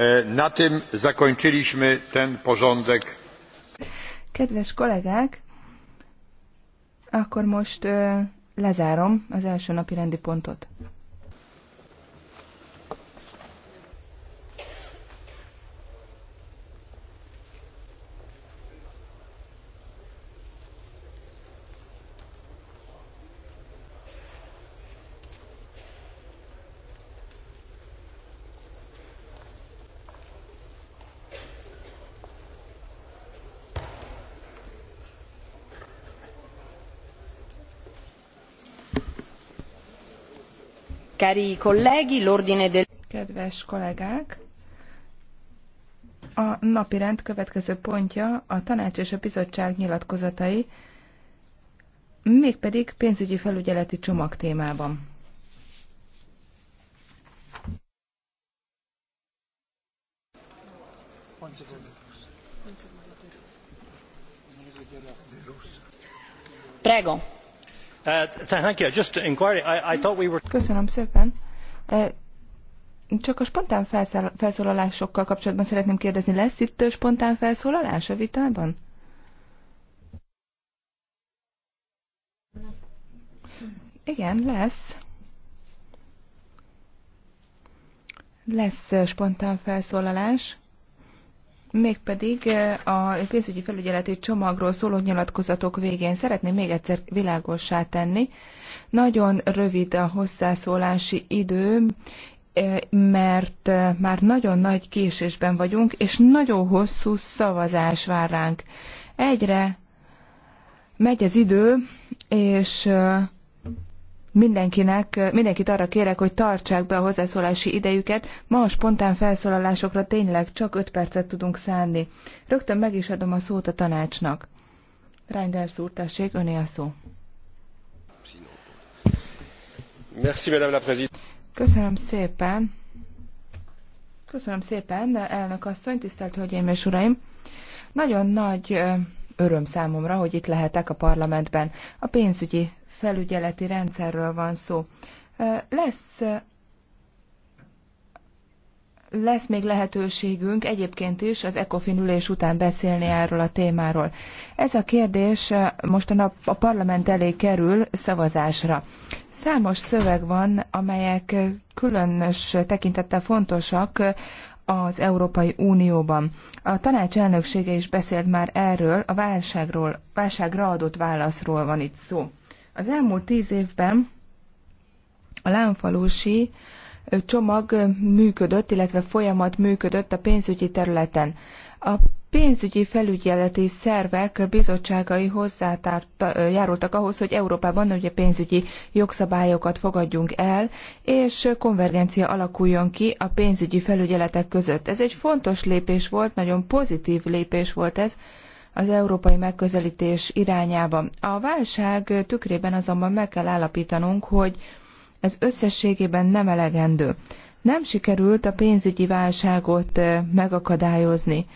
E, na tym zakończyliśmy ten porządek. Kedves kollégák, akkor most e, lezárom az első napi rendi pontot. Cari colleghi, l'ordine del... Kedves kollégák, a napi rend következő pontja a tanács és a bizottság nyilatkozatai, mégpedig pénzügyi felügyeleti csomag témában. Prego. Köszönöm szépen. Uh, csak a spontán felszólalásokkal kapcsolatban szeretném kérdezni, lesz itt spontán felszólalás a vitában? Igen, lesz. Lesz uh, spontán felszólalás mégpedig eh, a pénzügyi felügyeleti csomagról szóló nyilatkozatok végén szeretném még egyszer világossá tenni. Nagyon rövid a hozzászólási időm, eh, mert eh, már nagyon nagy késésben vagyunk, és nagyon hosszú szavazás vár ránk. Egyre megy az idő, és mindenkinek, mindenkit arra kérek, hogy tartsák be a hozzászólási idejüket. Ma a spontán felszólalásokra tényleg csak 5 percet tudunk szánni. Rögtön meg is adom a szót a tanácsnak. Reinders úr, tessék, öné a szó. Merci, madame la présidente. Köszönöm szépen. Köszönöm szépen, de elnök asszony, tisztelt hölgyeim és uraim. Nagyon nagy öröm számomra, hogy itt lehetek a parlamentben. A pénzügyi felügyeleti rendszerről van szó. Lesz lesz még lehetőségünk egyébként is az ECOFIN ülés után beszélni erről a témáról. Ez a kérdés most a, nap, a parlament elé kerül szavazásra. Számos szöveg van, amelyek különös tekintettel fontosak az Európai Unióban. A tanács elnöksége is beszélt már erről, a válságról, válságra adott válaszról van itt szó. Az elmúlt tíz évben a lámfalusi csomag működött, illetve folyamat működött a pénzügyi területen. A pénzügyi felügyeleti szervek bizottságai hozzájárultak ahhoz, hogy Európában ugye pénzügyi jogszabályokat fogadjunk el, és konvergencia alakuljon ki a pénzügyi felügyeletek között. Ez egy fontos lépés volt, nagyon pozitív lépés volt ez, az európai megközelítés irányába. A válság tükrében azonban meg kell állapítanunk, hogy ez összességében nem elegendő. Nem sikerült a pénzügyi válságot megakadályozni,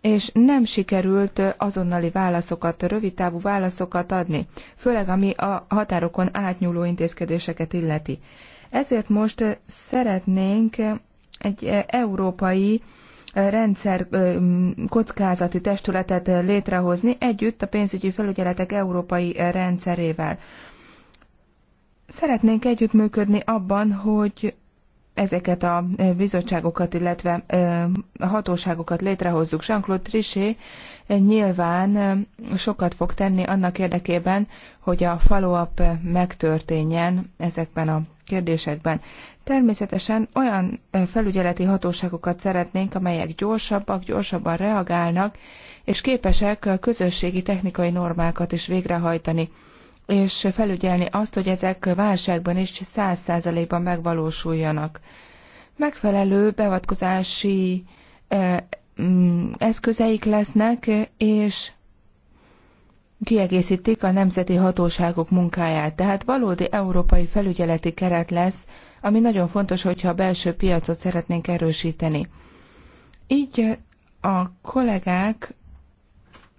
és nem sikerült azonnali válaszokat, rövidtávú válaszokat adni, főleg ami a határokon átnyúló intézkedéseket illeti. Ezért most szeretnénk egy európai rendszer kockázati testületet létrehozni együtt a pénzügyi felügyeletek európai rendszerével. Szeretnénk együttműködni abban, hogy ezeket a bizottságokat, illetve hatóságokat létrehozzuk. Jean-Claude Trichet nyilván sokat fog tenni annak érdekében, hogy a follow-up megtörténjen ezekben a kérdésekben. Természetesen olyan felügyeleti hatóságokat szeretnénk, amelyek gyorsabbak, gyorsabban reagálnak, és képesek közösségi technikai normákat is végrehajtani és felügyelni azt, hogy ezek válságban is száz százalékban megvalósuljanak. Megfelelő beavatkozási e, mm, eszközeik lesznek, és kiegészítik a nemzeti hatóságok munkáját. Tehát valódi európai felügyeleti keret lesz, ami nagyon fontos, hogyha a belső piacot szeretnénk erősíteni. Így a kollégák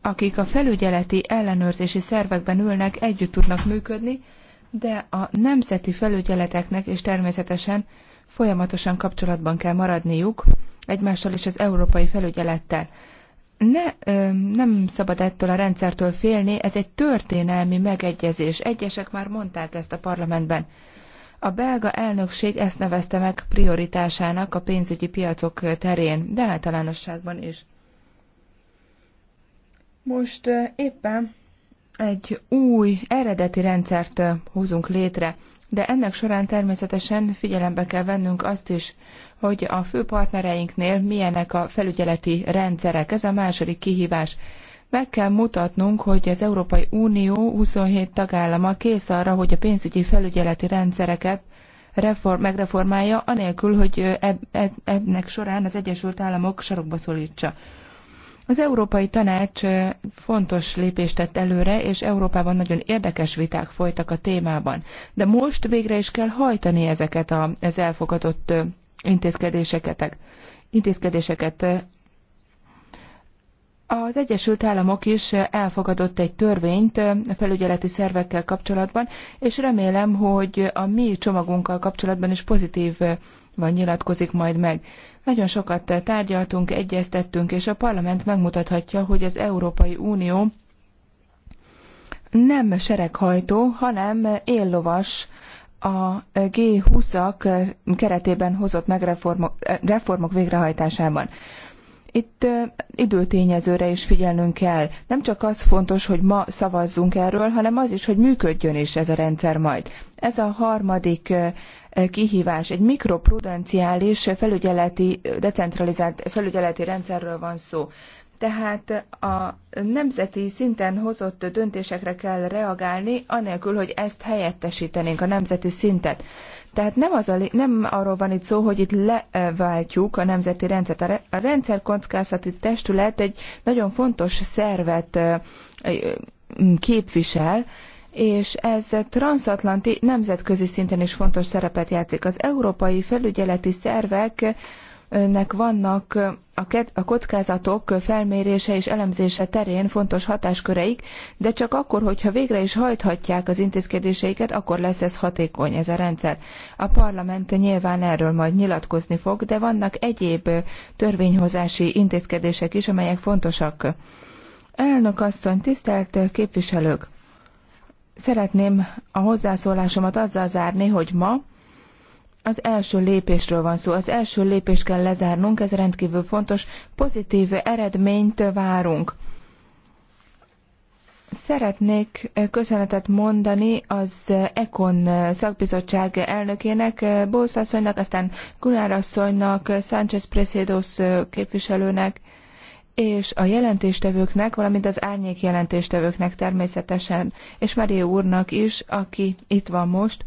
akik a felügyeleti ellenőrzési szervekben ülnek, együtt tudnak működni, de a nemzeti felügyeleteknek és természetesen folyamatosan kapcsolatban kell maradniuk egymással és az európai felügyelettel. Ne, nem szabad ettől a rendszertől félni, ez egy történelmi megegyezés. Egyesek már mondták ezt a parlamentben. A belga elnökség ezt nevezte meg prioritásának a pénzügyi piacok terén, de általánosságban is. Most éppen egy új eredeti rendszert hozunk létre, de ennek során természetesen figyelembe kell vennünk azt is, hogy a fő partnereinknél milyenek a felügyeleti rendszerek. Ez a második kihívás. Meg kell mutatnunk, hogy az Európai Unió 27 tagállama kész arra, hogy a pénzügyi felügyeleti rendszereket reform, megreformálja, anélkül, hogy ennek során az Egyesült Államok sarokba szólítsa. Az Európai Tanács fontos lépést tett előre, és Európában nagyon érdekes viták folytak a témában. De most végre is kell hajtani ezeket az elfogadott intézkedéseket. intézkedéseket. Az Egyesült Államok is elfogadott egy törvényt a felügyeleti szervekkel kapcsolatban, és remélem, hogy a mi csomagunkkal kapcsolatban is pozitív van nyilatkozik majd meg. Nagyon sokat tárgyaltunk, egyeztettünk, és a parlament megmutathatja, hogy az Európai Unió nem sereghajtó, hanem éllovas a G20-ak keretében hozott reformok reformok végrehajtásában. Itt időtényezőre is figyelnünk kell. Nem csak az fontos, hogy ma szavazzunk erről, hanem az is, hogy működjön is ez a rendszer majd. Ez a harmadik kihívás. Egy mikroprudenciális felügyeleti, decentralizált felügyeleti rendszerről van szó. Tehát a nemzeti szinten hozott döntésekre kell reagálni, anélkül, hogy ezt helyettesítenénk a nemzeti szintet. Tehát nem, az a, nem arról van itt szó, hogy itt leváltjuk a nemzeti rendszert. A, a rendszerkockázati testület egy nagyon fontos szervet képvisel, és ez transatlanti nemzetközi szinten is fontos szerepet játszik. Az európai felügyeleti szervek nek vannak a kockázatok felmérése és elemzése terén fontos hatásköreik, de csak akkor, hogyha végre is hajthatják az intézkedéseiket, akkor lesz ez hatékony, ez a rendszer. A parlament nyilván erről majd nyilatkozni fog, de vannak egyéb törvényhozási intézkedések is, amelyek fontosak. Elnök asszony, tisztelt képviselők! Szeretném a hozzászólásomat azzal zárni, hogy ma az első lépésről van szó. Az első lépést kell lezárnunk, ez rendkívül fontos. Pozitív eredményt várunk. Szeretnék köszönetet mondani az Ekon szakbizottság elnökének, Bósz asszonynak, aztán Kulár asszonynak, Sánchez Presédos képviselőnek, és a jelentéstevőknek, valamint az árnyék jelentéstevőknek természetesen, és Mária úrnak is, aki itt van most,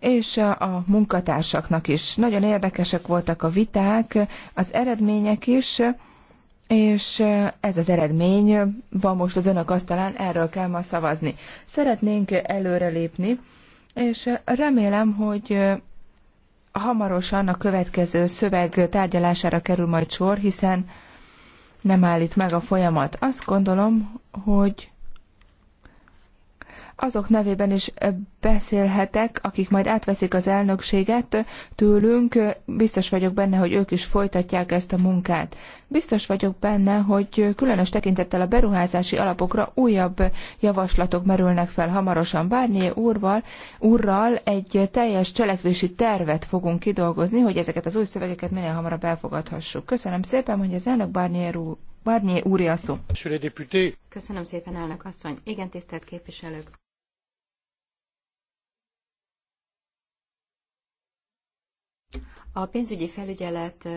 és a munkatársaknak is. Nagyon érdekesek voltak a viták, az eredmények is, és ez az eredmény van most az önök asztalán, erről kell ma szavazni. Szeretnénk előrelépni, és remélem, hogy hamarosan a következő szöveg tárgyalására kerül majd sor, hiszen nem állít meg a folyamat. Azt gondolom, hogy azok nevében is beszélhetek, akik majd átveszik az elnökséget tőlünk. Biztos vagyok benne, hogy ők is folytatják ezt a munkát. Biztos vagyok benne, hogy különös tekintettel a beruházási alapokra újabb javaslatok merülnek fel hamarosan. Bárnyi úrval, úrral egy teljes cselekvési tervet fogunk kidolgozni, hogy ezeket az új szövegeket minél hamarabb elfogadhassuk. Köszönöm szépen, hogy az elnök Bárnyi úr Barnier úr a szó. Köszönöm szépen, elnök asszony. Igen, tisztelt képviselők. A pénzügyi felügyelet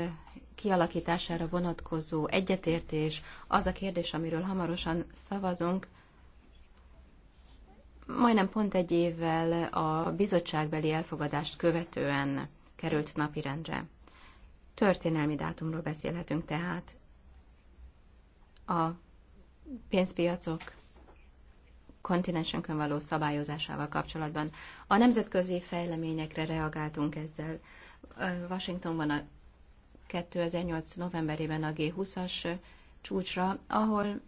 kialakítására vonatkozó egyetértés az a kérdés, amiről hamarosan szavazunk. Majdnem pont egy évvel a bizottságbeli elfogadást követően került napirendre. Történelmi dátumról beszélhetünk tehát. A pénzpiacok kontinensünkön való szabályozásával kapcsolatban. A nemzetközi fejleményekre reagáltunk ezzel. Washingtonban a 2008. novemberében a G20-as csúcsra, ahol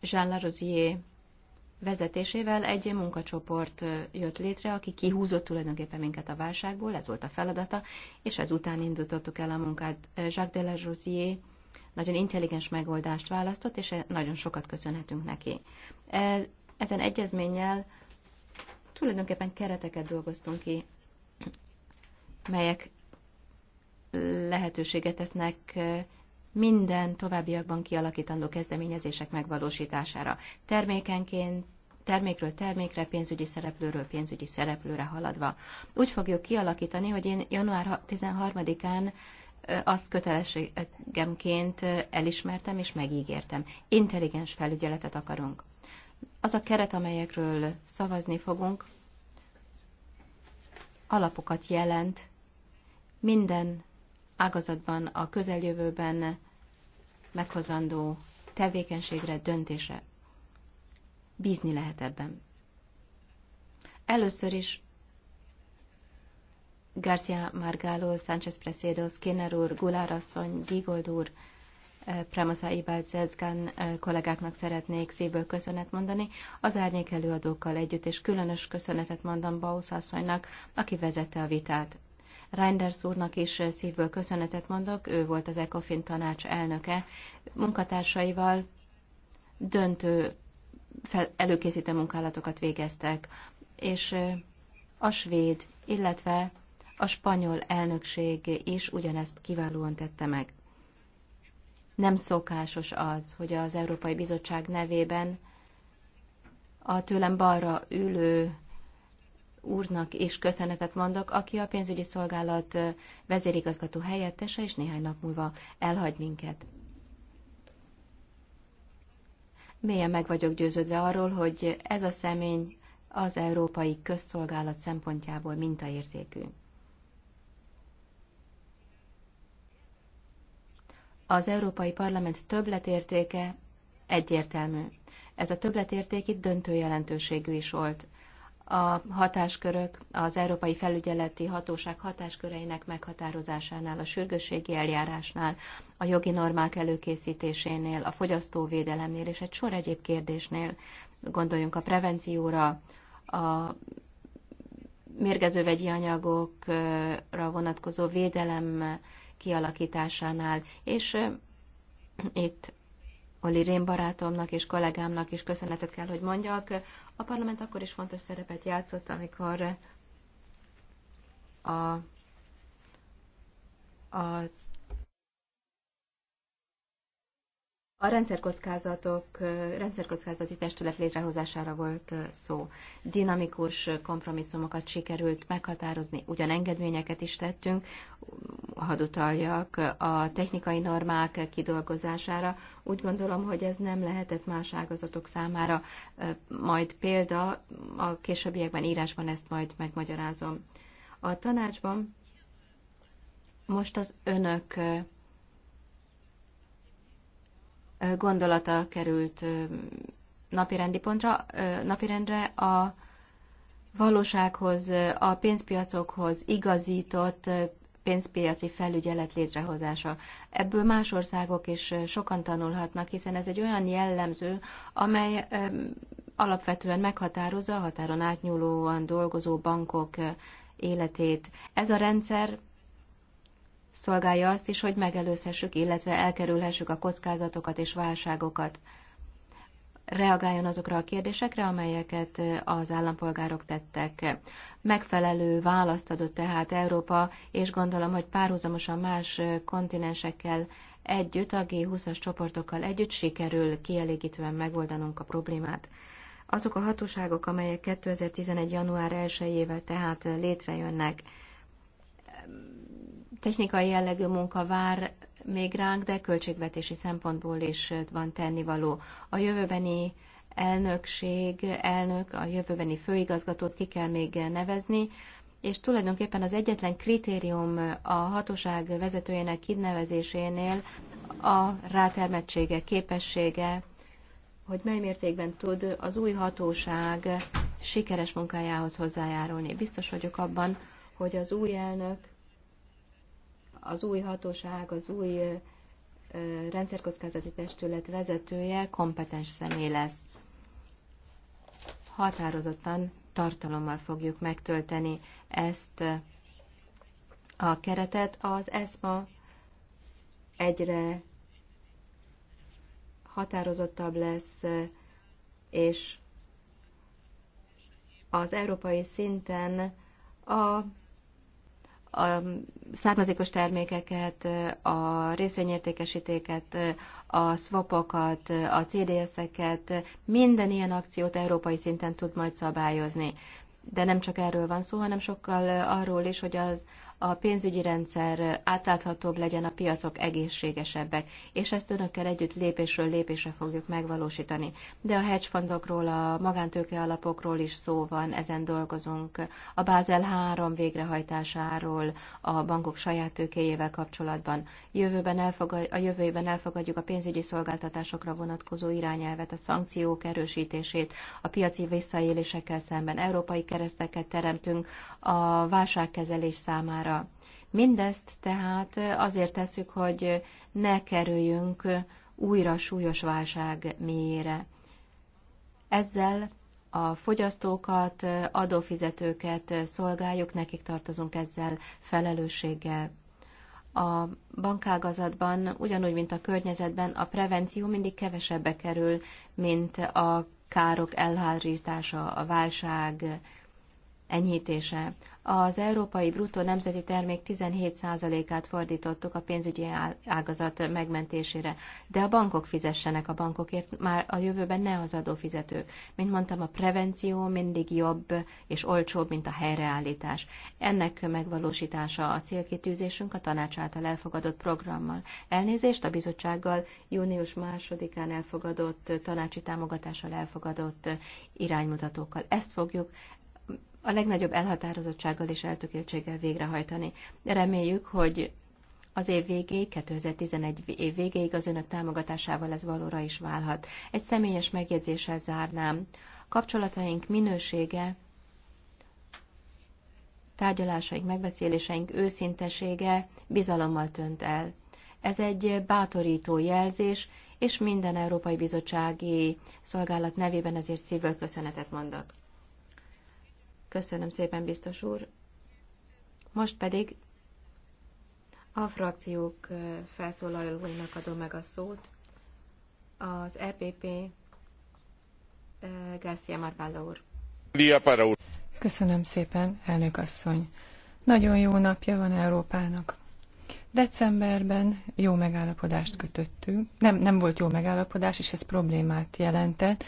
Jean Larosier vezetésével egy munkacsoport jött létre, aki kihúzott tulajdonképpen minket a válságból, ez volt a feladata, és ezután indítottuk el a munkát. Jacques Delarosier nagyon intelligens megoldást választott, és nagyon sokat köszönhetünk neki. Ezen egyezménnyel tulajdonképpen kereteket dolgoztunk ki melyek lehetőséget tesznek minden továbbiakban kialakítandó kezdeményezések megvalósítására. Termékenként termékről termékre, pénzügyi szereplőről pénzügyi szereplőre haladva. Úgy fogjuk kialakítani, hogy én január 13-án azt kötelességemként elismertem és megígértem. Intelligens felügyeletet akarunk. Az a keret, amelyekről szavazni fogunk, alapokat jelent minden ágazatban a közeljövőben meghozandó tevékenységre, döntésre. Bízni lehet ebben. Először is Garcia Margalo, Sánchez Presedo, Skinner úr, Gulárasszony, Gigold úr Premosa Ibált-Zedzgán eh, kollégáknak szeretnék szívből köszönet mondani, az árnyék előadókkal együtt, és különös köszönetet mondom Bausz asszonynak, aki vezette a vitát. Reinders úrnak is eh, szívből köszönetet mondok, ő volt az ECOFIN tanács elnöke, munkatársaival döntő fel, előkészítő munkálatokat végeztek, és eh, a svéd, illetve a spanyol elnökség is ugyanezt kiválóan tette meg nem szokásos az, hogy az Európai Bizottság nevében a tőlem balra ülő úrnak is köszönetet mondok, aki a pénzügyi szolgálat vezérigazgató helyettese, és néhány nap múlva elhagy minket. Mélyen meg vagyok győződve arról, hogy ez a személy az európai közszolgálat szempontjából mintaértékű. Az Európai Parlament többletértéke egyértelmű. Ez a többletérték itt döntő jelentőségű is volt. A hatáskörök, az Európai Felügyeleti Hatóság hatásköreinek meghatározásánál, a sürgősségi eljárásnál, a jogi normák előkészítésénél, a fogyasztóvédelemnél és egy sor egyéb kérdésnél, gondoljunk a prevencióra, a mérgező vegyi anyagokra vonatkozó védelem kialakításánál. És itt Oli Rén barátomnak és kollégámnak is köszönetet kell, hogy mondjak. A parlament akkor is fontos szerepet játszott, amikor a, a A rendszerkockázatok, rendszerkockázati testület létrehozására volt szó. Dinamikus kompromisszumokat sikerült meghatározni, ugyan engedményeket is tettünk, hadd utaljak a technikai normák kidolgozására. Úgy gondolom, hogy ez nem lehetett más ágazatok számára majd példa, a későbbiekben írásban ezt majd megmagyarázom. A tanácsban most az önök gondolata került napirendi pontra, napirendre a valósághoz, a pénzpiacokhoz igazított pénzpiaci felügyelet létrehozása. Ebből más országok is sokan tanulhatnak, hiszen ez egy olyan jellemző, amely alapvetően meghatározza a határon átnyúlóan dolgozó bankok életét. Ez a rendszer szolgálja azt is, hogy megelőzhessük, illetve elkerülhessük a kockázatokat és válságokat. Reagáljon azokra a kérdésekre, amelyeket az állampolgárok tettek. Megfelelő választ adott tehát Európa, és gondolom, hogy párhuzamosan más kontinensekkel együtt, a G20-as csoportokkal együtt sikerül kielégítően megoldanunk a problémát. Azok a hatóságok, amelyek 2011. január 1-ével tehát létrejönnek, technikai jellegű munka vár még ránk, de költségvetési szempontból is van tennivaló. A jövőbeni elnökség, elnök, a jövőbeni főigazgatót ki kell még nevezni, és tulajdonképpen az egyetlen kritérium a hatóság vezetőjének kinevezésénél a rátermettsége, képessége, hogy mely mértékben tud az új hatóság sikeres munkájához hozzájárulni. Biztos vagyok abban, hogy az új elnök az új hatóság, az új rendszerkockázati testület vezetője kompetens személy lesz. Határozottan tartalommal fogjuk megtölteni ezt a keretet. Az ESMA egyre határozottabb lesz, és az európai szinten a a származékos termékeket, a részvényértékesítéket, a swapokat, a CDS-eket, minden ilyen akciót európai szinten tud majd szabályozni. De nem csak erről van szó, hanem sokkal arról is, hogy az, a pénzügyi rendszer átláthatóbb legyen, a piacok egészségesebbek, és ezt önökkel együtt lépésről lépésre fogjuk megvalósítani. De a hedge fundokról, a magántőke alapokról is szó van, ezen dolgozunk, a Bázel 3 végrehajtásáról, a bankok saját tőkéjével kapcsolatban. Jövőben elfogad, a jövőben elfogadjuk a pénzügyi szolgáltatásokra vonatkozó irányelvet, a szankciók erősítését, a piaci visszaélésekkel szemben európai kereszteket teremtünk a válságkezelés számára, számára. Mindezt tehát azért tesszük, hogy ne kerüljünk újra súlyos válság mélyére. Ezzel a fogyasztókat, adófizetőket szolgáljuk, nekik tartozunk ezzel felelősséggel. A bankágazatban, ugyanúgy, mint a környezetben, a prevenció mindig kevesebbe kerül, mint a károk elhárítása, a válság enyhítése az európai bruttó nemzeti termék 17%-át fordítottuk a pénzügyi ágazat megmentésére. De a bankok fizessenek a bankokért, már a jövőben ne az adófizető. Mint mondtam, a prevenció mindig jobb és olcsóbb, mint a helyreállítás. Ennek megvalósítása a célkitűzésünk a tanács által elfogadott programmal. Elnézést a bizottsággal június 2-án elfogadott tanácsi támogatással elfogadott iránymutatókkal. Ezt fogjuk a legnagyobb elhatározottsággal és eltökéltséggel végrehajtani. Reméljük, hogy az év végéig, 2011 év végéig az önök támogatásával ez valóra is válhat. Egy személyes megjegyzéssel zárnám. Kapcsolataink minősége, tárgyalásaink, megbeszéléseink őszintesége bizalommal tönt el. Ez egy bátorító jelzés, és minden Európai Bizottsági Szolgálat nevében ezért szívből köszönetet mondok. Köszönöm szépen, biztos úr. Most pedig a frakciók felszólalóinak adom meg a szót. Az EPP García Margallo úr. Köszönöm szépen, elnök asszony. Nagyon jó napja van Európának. Decemberben jó megállapodást kötöttünk. Nem, nem volt jó megállapodás, és ez problémát jelentett,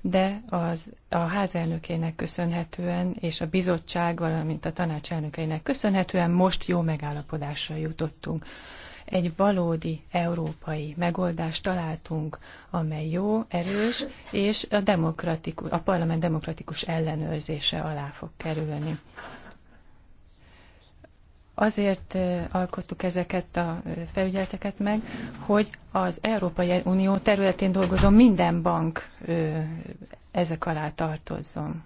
de az, a házelnökének köszönhetően, és a bizottság, valamint a tanácselnökeinek köszönhetően most jó megállapodásra jutottunk. Egy valódi európai megoldást találtunk, amely jó, erős, és a, demokratikus, a parlament demokratikus ellenőrzése alá fog kerülni. Azért alkottuk ezeket a felügyeleteket meg, hogy az Európai Unió területén dolgozó minden bank ezek alá tartozzon.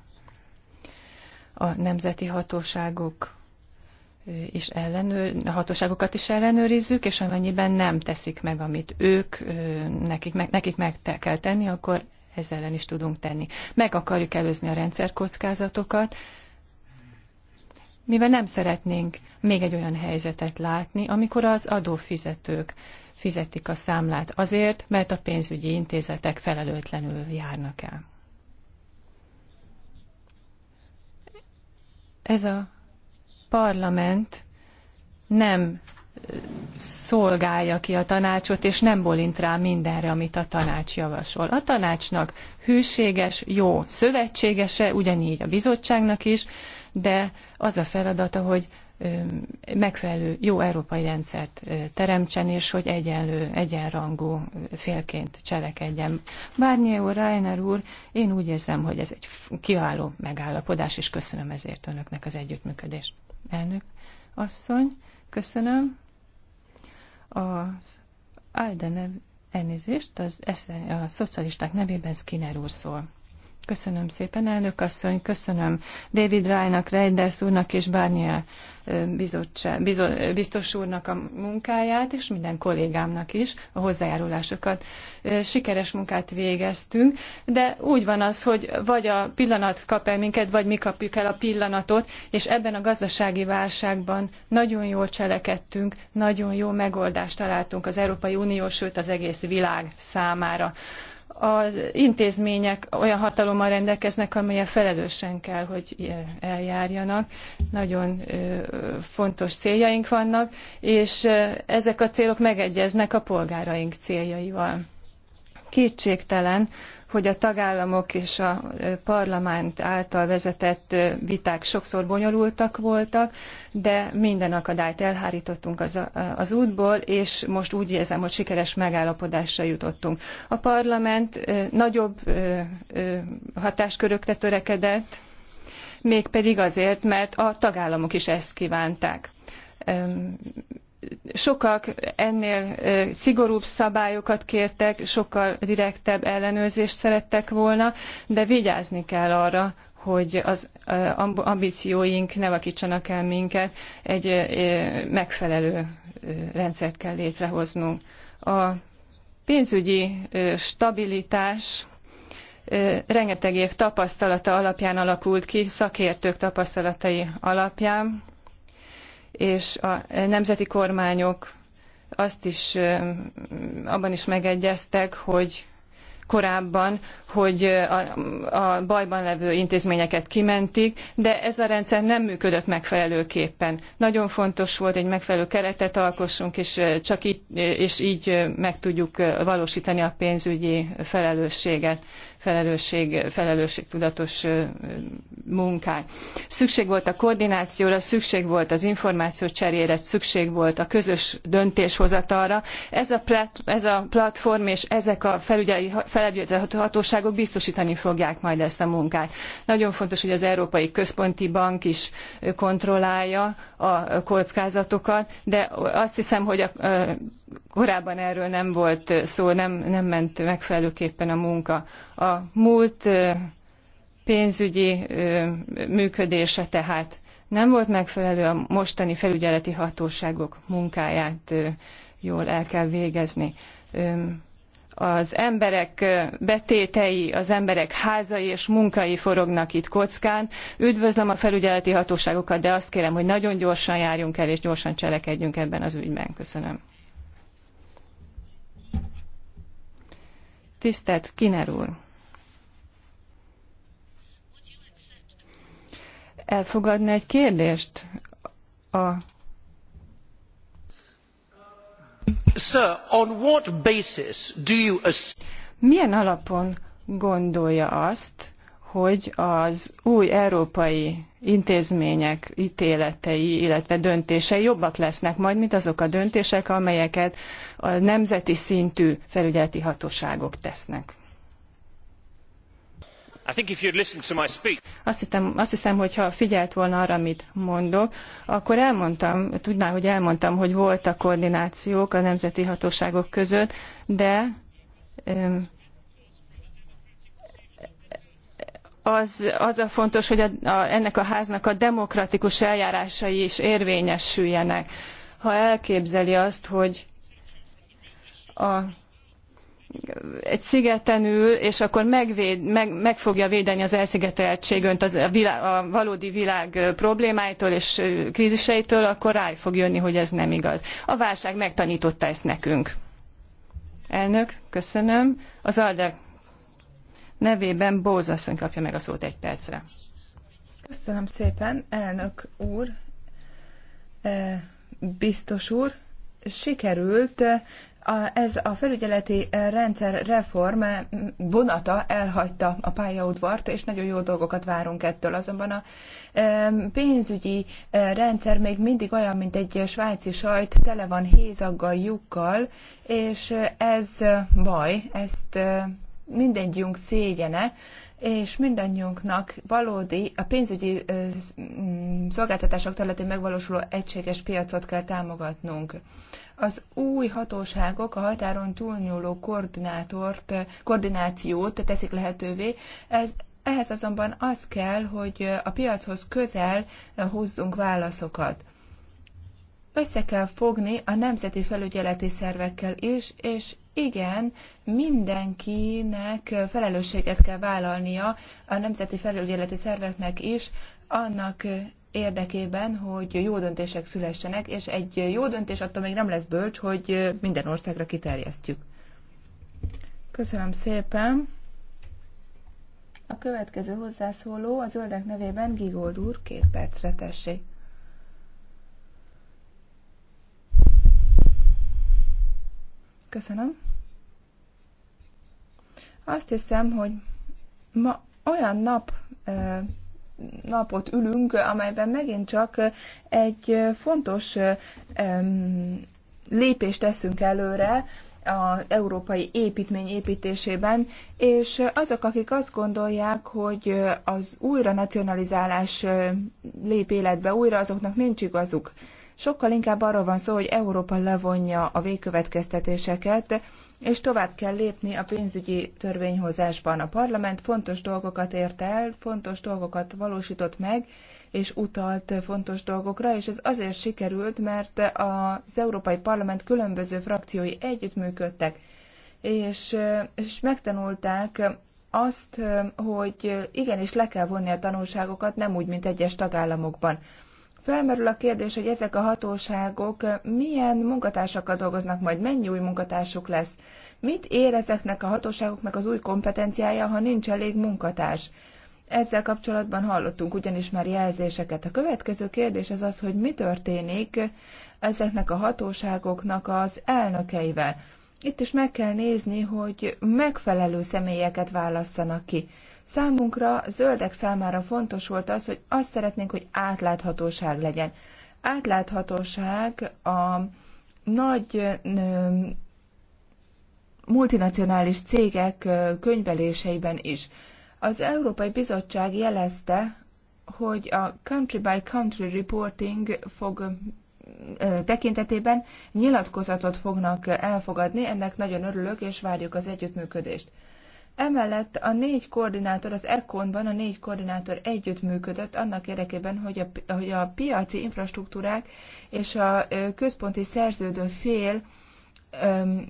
A nemzeti hatóságok is ellenőr, a hatóságokat is ellenőrizzük, és amennyiben nem teszik meg, amit ők, nekik meg, nekik meg kell tenni, akkor ezzel ellen is tudunk tenni. Meg akarjuk előzni a rendszerkockázatokat, mivel nem szeretnénk még egy olyan helyzetet látni, amikor az adófizetők fizetik a számlát azért, mert a pénzügyi intézetek felelőtlenül járnak el. Ez a parlament nem szolgálja ki a tanácsot, és nem bolint rá mindenre, amit a tanács javasol. A tanácsnak hűséges, jó szövetségese, ugyanígy a bizottságnak is, de az a feladata, hogy megfelelő jó európai rendszert teremtsen, és hogy egyenlő, egyenrangú félként cselekedjen. Bárnyi úr, Reiner úr, én úgy érzem, hogy ez egy kiváló megállapodás, és köszönöm ezért önöknek az együttműködést. Elnök asszony, köszönöm. Az Aldenev elnézést, az, e, a szocialisták nevében Skinner úr szól. Köszönöm szépen, elnök asszony, köszönöm David Ryan-nak, Reinders úrnak és Barnier bizottság, biztos úrnak a munkáját, és minden kollégámnak is a hozzájárulásokat. Sikeres munkát végeztünk, de úgy van az, hogy vagy a pillanat kap el minket, vagy mi kapjuk el a pillanatot, és ebben a gazdasági válságban nagyon jól cselekedtünk, nagyon jó megoldást találtunk az Európai Unió, sőt az egész világ számára az intézmények olyan hatalommal rendelkeznek, amelyel felelősen kell, hogy e, eljárjanak. Nagyon fontos céljaink vannak, és ezek a célok megegyeznek a polgáraink céljaival. Kétségtelen, hogy a tagállamok és a parlament által vezetett viták sokszor bonyolultak voltak, de minden akadályt elhárítottunk az, az útból, és most úgy érzem, hogy sikeres megállapodásra jutottunk. A parlament nagyobb hatáskörökre törekedett, mégpedig azért, mert a tagállamok is ezt kívánták sokak ennél szigorúbb szabályokat kértek, sokkal direktebb ellenőrzést szerettek volna, de vigyázni kell arra, hogy az ambícióink ne vakítsanak el minket, egy megfelelő rendszert kell létrehoznunk. A pénzügyi stabilitás rengeteg év tapasztalata alapján alakult ki, szakértők tapasztalatai alapján, és a nemzeti kormányok azt is, abban is megegyeztek, hogy korábban, hogy a, a bajban levő intézményeket kimentik, de ez a rendszer nem működött megfelelőképpen. Nagyon fontos volt, egy megfelelő keretet alkossunk, és csak így, és így meg tudjuk valósítani a pénzügyi felelősséget felelősség, felelősségtudatos munkát. Szükség volt a koordinációra, szükség volt az információ cserére, szükség volt a közös döntéshozatalra. Ez a, plat, ez a platform és ezek a felügyeleti hatóságok biztosítani fogják majd ezt a munkát. Nagyon fontos, hogy az Európai Központi Bank is kontrollálja a kockázatokat, de azt hiszem, hogy a korábban erről nem volt szó, nem, nem ment megfelelőképpen a munka. A múlt pénzügyi működése tehát nem volt megfelelő a mostani felügyeleti hatóságok munkáját jól el kell végezni. Az emberek betétei, az emberek házai és munkai forognak itt kockán. Üdvözlöm a felügyeleti hatóságokat, de azt kérem, hogy nagyon gyorsan járjunk el és gyorsan cselekedjünk ebben az ügyben. Köszönöm. Tisztelt Skinner úr! Elfogadna egy kérdést a Sir, on what basis do you Milyen alapon gondolja azt, hogy az új európai intézmények ítéletei, illetve döntései jobbak lesznek majd, mint azok a döntések, amelyeket a nemzeti szintű felügyeleti hatóságok tesznek. Azt, hittem, azt hiszem, hogy ha figyelt volna arra, amit mondok, akkor elmondtam, tudná, hogy elmondtam, hogy voltak koordinációk a nemzeti hatóságok között, de az, az a fontos, hogy a, a, ennek a háznak a demokratikus eljárásai is érvényesüljenek. Ha elképzeli azt, hogy a, egy szigeten ül, és akkor megvéd, meg, meg fogja védeni az elszigeteltség önt az, a, világ, a valódi világ problémáitól és kríziseitől, akkor rá fog jönni, hogy ez nem igaz. A válság megtanította ezt nekünk. Elnök, köszönöm. Az ALDE nevében asszony kapja meg a szót egy percre. Köszönöm szépen, elnök úr, e, biztos úr. Sikerült e, ez a felügyeleti e, rendszer reform vonata elhagyta a pályaudvart, és nagyon jó dolgokat várunk ettől. Azonban a pénzügyi rendszer még mindig olyan, mint egy svájci sajt, tele van hézaggal, lyukkal, és ez baj, ezt mindegyünk szégyene, és mindannyiunknak valódi, a pénzügyi mm, szolgáltatások területén megvalósuló egységes piacot kell támogatnunk. Az új hatóságok a határon túlnyúló koordinátort, koordinációt teszik lehetővé, ez, ehhez azonban az kell, hogy a piachoz közel hozzunk válaszokat össze kell fogni a nemzeti felügyeleti szervekkel is, és igen, mindenkinek felelősséget kell vállalnia a nemzeti felügyeleti szerveknek is, annak érdekében, hogy jó döntések szülessenek, és egy jó döntés attól még nem lesz bölcs, hogy minden országra kiterjesztjük. Köszönöm szépen. A következő hozzászóló az zöldek nevében Gigold úr, két percre tessék. Köszönöm. Azt hiszem, hogy ma olyan nap napot ülünk, amelyben megint csak egy fontos lépést teszünk előre az európai építmény építésében, és azok, akik azt gondolják, hogy az újra nacionalizálás lép életbe újra, azoknak nincs igazuk. Sokkal inkább arról van szó, hogy Európa levonja a végkövetkeztetéseket, és tovább kell lépni a pénzügyi törvényhozásban. A parlament fontos dolgokat ért el, fontos dolgokat valósított meg, és utalt fontos dolgokra, és ez azért sikerült, mert az Európai Parlament különböző frakciói együttműködtek, és, és megtanulták azt, hogy igenis le kell vonni a tanulságokat, nem úgy, mint egyes tagállamokban. Felmerül a kérdés, hogy ezek a hatóságok milyen munkatársakkal dolgoznak majd, mennyi új munkatársuk lesz. Mit ér ezeknek a hatóságoknak az új kompetenciája, ha nincs elég munkatárs? Ezzel kapcsolatban hallottunk ugyanis már jelzéseket. A következő kérdés az az, hogy mi történik ezeknek a hatóságoknak az elnökeivel. Itt is meg kell nézni, hogy megfelelő személyeket válasszanak ki. Számunkra, zöldek számára fontos volt az, hogy azt szeretnénk, hogy átláthatóság legyen. Átláthatóság a nagy multinacionális cégek könyveléseiben is. Az Európai Bizottság jelezte, hogy a country by country reporting fog tekintetében nyilatkozatot fognak elfogadni, ennek nagyon örülök, és várjuk az együttműködést. Emellett a négy koordinátor, az ECON-ban a négy koordinátor együttműködött annak érdekében, hogy a, hogy a piaci infrastruktúrák és a központi szerződő fél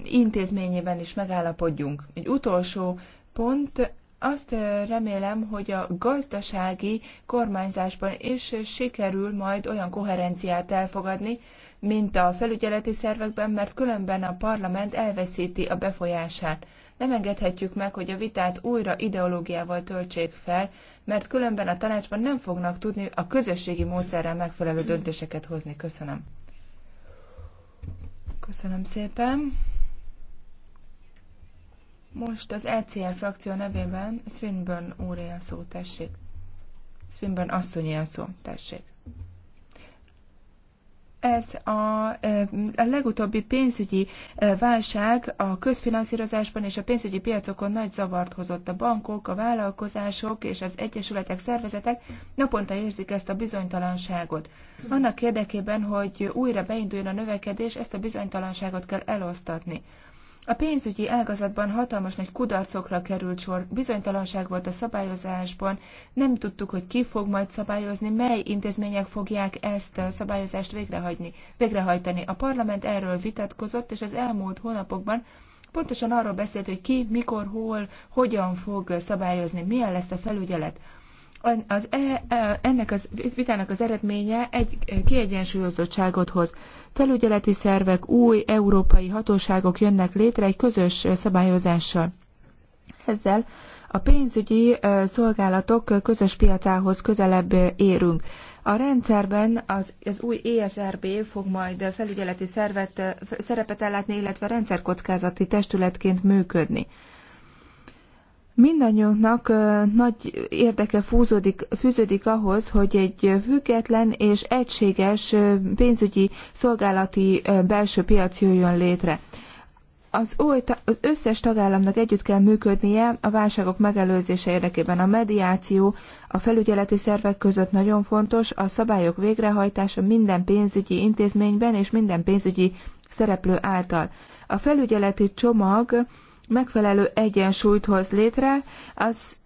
intézményében is megállapodjunk. Egy utolsó pont, azt remélem, hogy a gazdasági kormányzásban is sikerül majd olyan koherenciát elfogadni, mint a felügyeleti szervekben, mert különben a parlament elveszíti a befolyását. Nem engedhetjük meg, hogy a vitát újra ideológiával töltsék fel, mert különben a tanácsban nem fognak tudni a közösségi módszerrel megfelelő döntéseket hozni. Köszönöm. Köszönöm szépen. Most az ECR frakció nevében Swinburne úré a szó, tessék. Swinburne asszonyé a szó, tessék ez a, a legutóbbi pénzügyi válság a közfinanszírozásban és a pénzügyi piacokon nagy zavart hozott. A bankok, a vállalkozások és az egyesületek, szervezetek naponta érzik ezt a bizonytalanságot. Annak érdekében, hogy újra beinduljon a növekedés, ezt a bizonytalanságot kell elosztatni. A pénzügyi ágazatban hatalmas nagy kudarcokra került sor, bizonytalanság volt a szabályozásban, nem tudtuk, hogy ki fog majd szabályozni, mely intézmények fogják ezt a szabályozást végrehagyni, végrehajtani. A parlament erről vitatkozott, és az elmúlt hónapokban pontosan arról beszélt, hogy ki, mikor, hol, hogyan fog szabályozni, milyen lesz a felügyelet az e-, e, ennek az vitának az eredménye egy e, kiegyensúlyozottságot hoz. Felügyeleti szervek, új európai hatóságok jönnek létre egy közös szabályozással. Ezzel a pénzügyi e, szolgálatok közös piacához közelebb érünk. A rendszerben az, az új ESRB fog majd felügyeleti szervet, szerepet ellátni, illetve rendszerkockázati testületként működni mindannyiunknak nagy érdeke fúzódik, fűződik ahhoz, hogy egy független és egységes pénzügyi szolgálati belső piac jöjjön létre. Az, új, az összes tagállamnak együtt kell működnie a válságok megelőzése érdekében. A mediáció a felügyeleti szervek között nagyon fontos, a szabályok végrehajtása minden pénzügyi intézményben és minden pénzügyi szereplő által. A felügyeleti csomag megfelelő egyensúlyt hoz létre, az,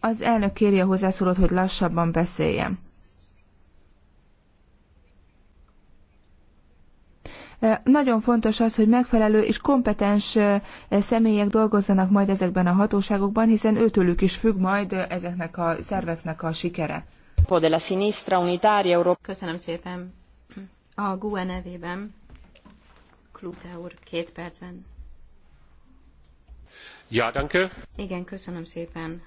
az elnök kéri a hozzászólót, hogy lassabban beszéljen. Nagyon fontos az, hogy megfelelő és kompetens személyek dolgozzanak majd ezekben a hatóságokban, hiszen őtőlük is függ majd ezeknek a szerveknek a sikere. Köszönöm szépen. A GUE nevében Klute úr két percben. Ja, danke. Igen, köszönöm szépen.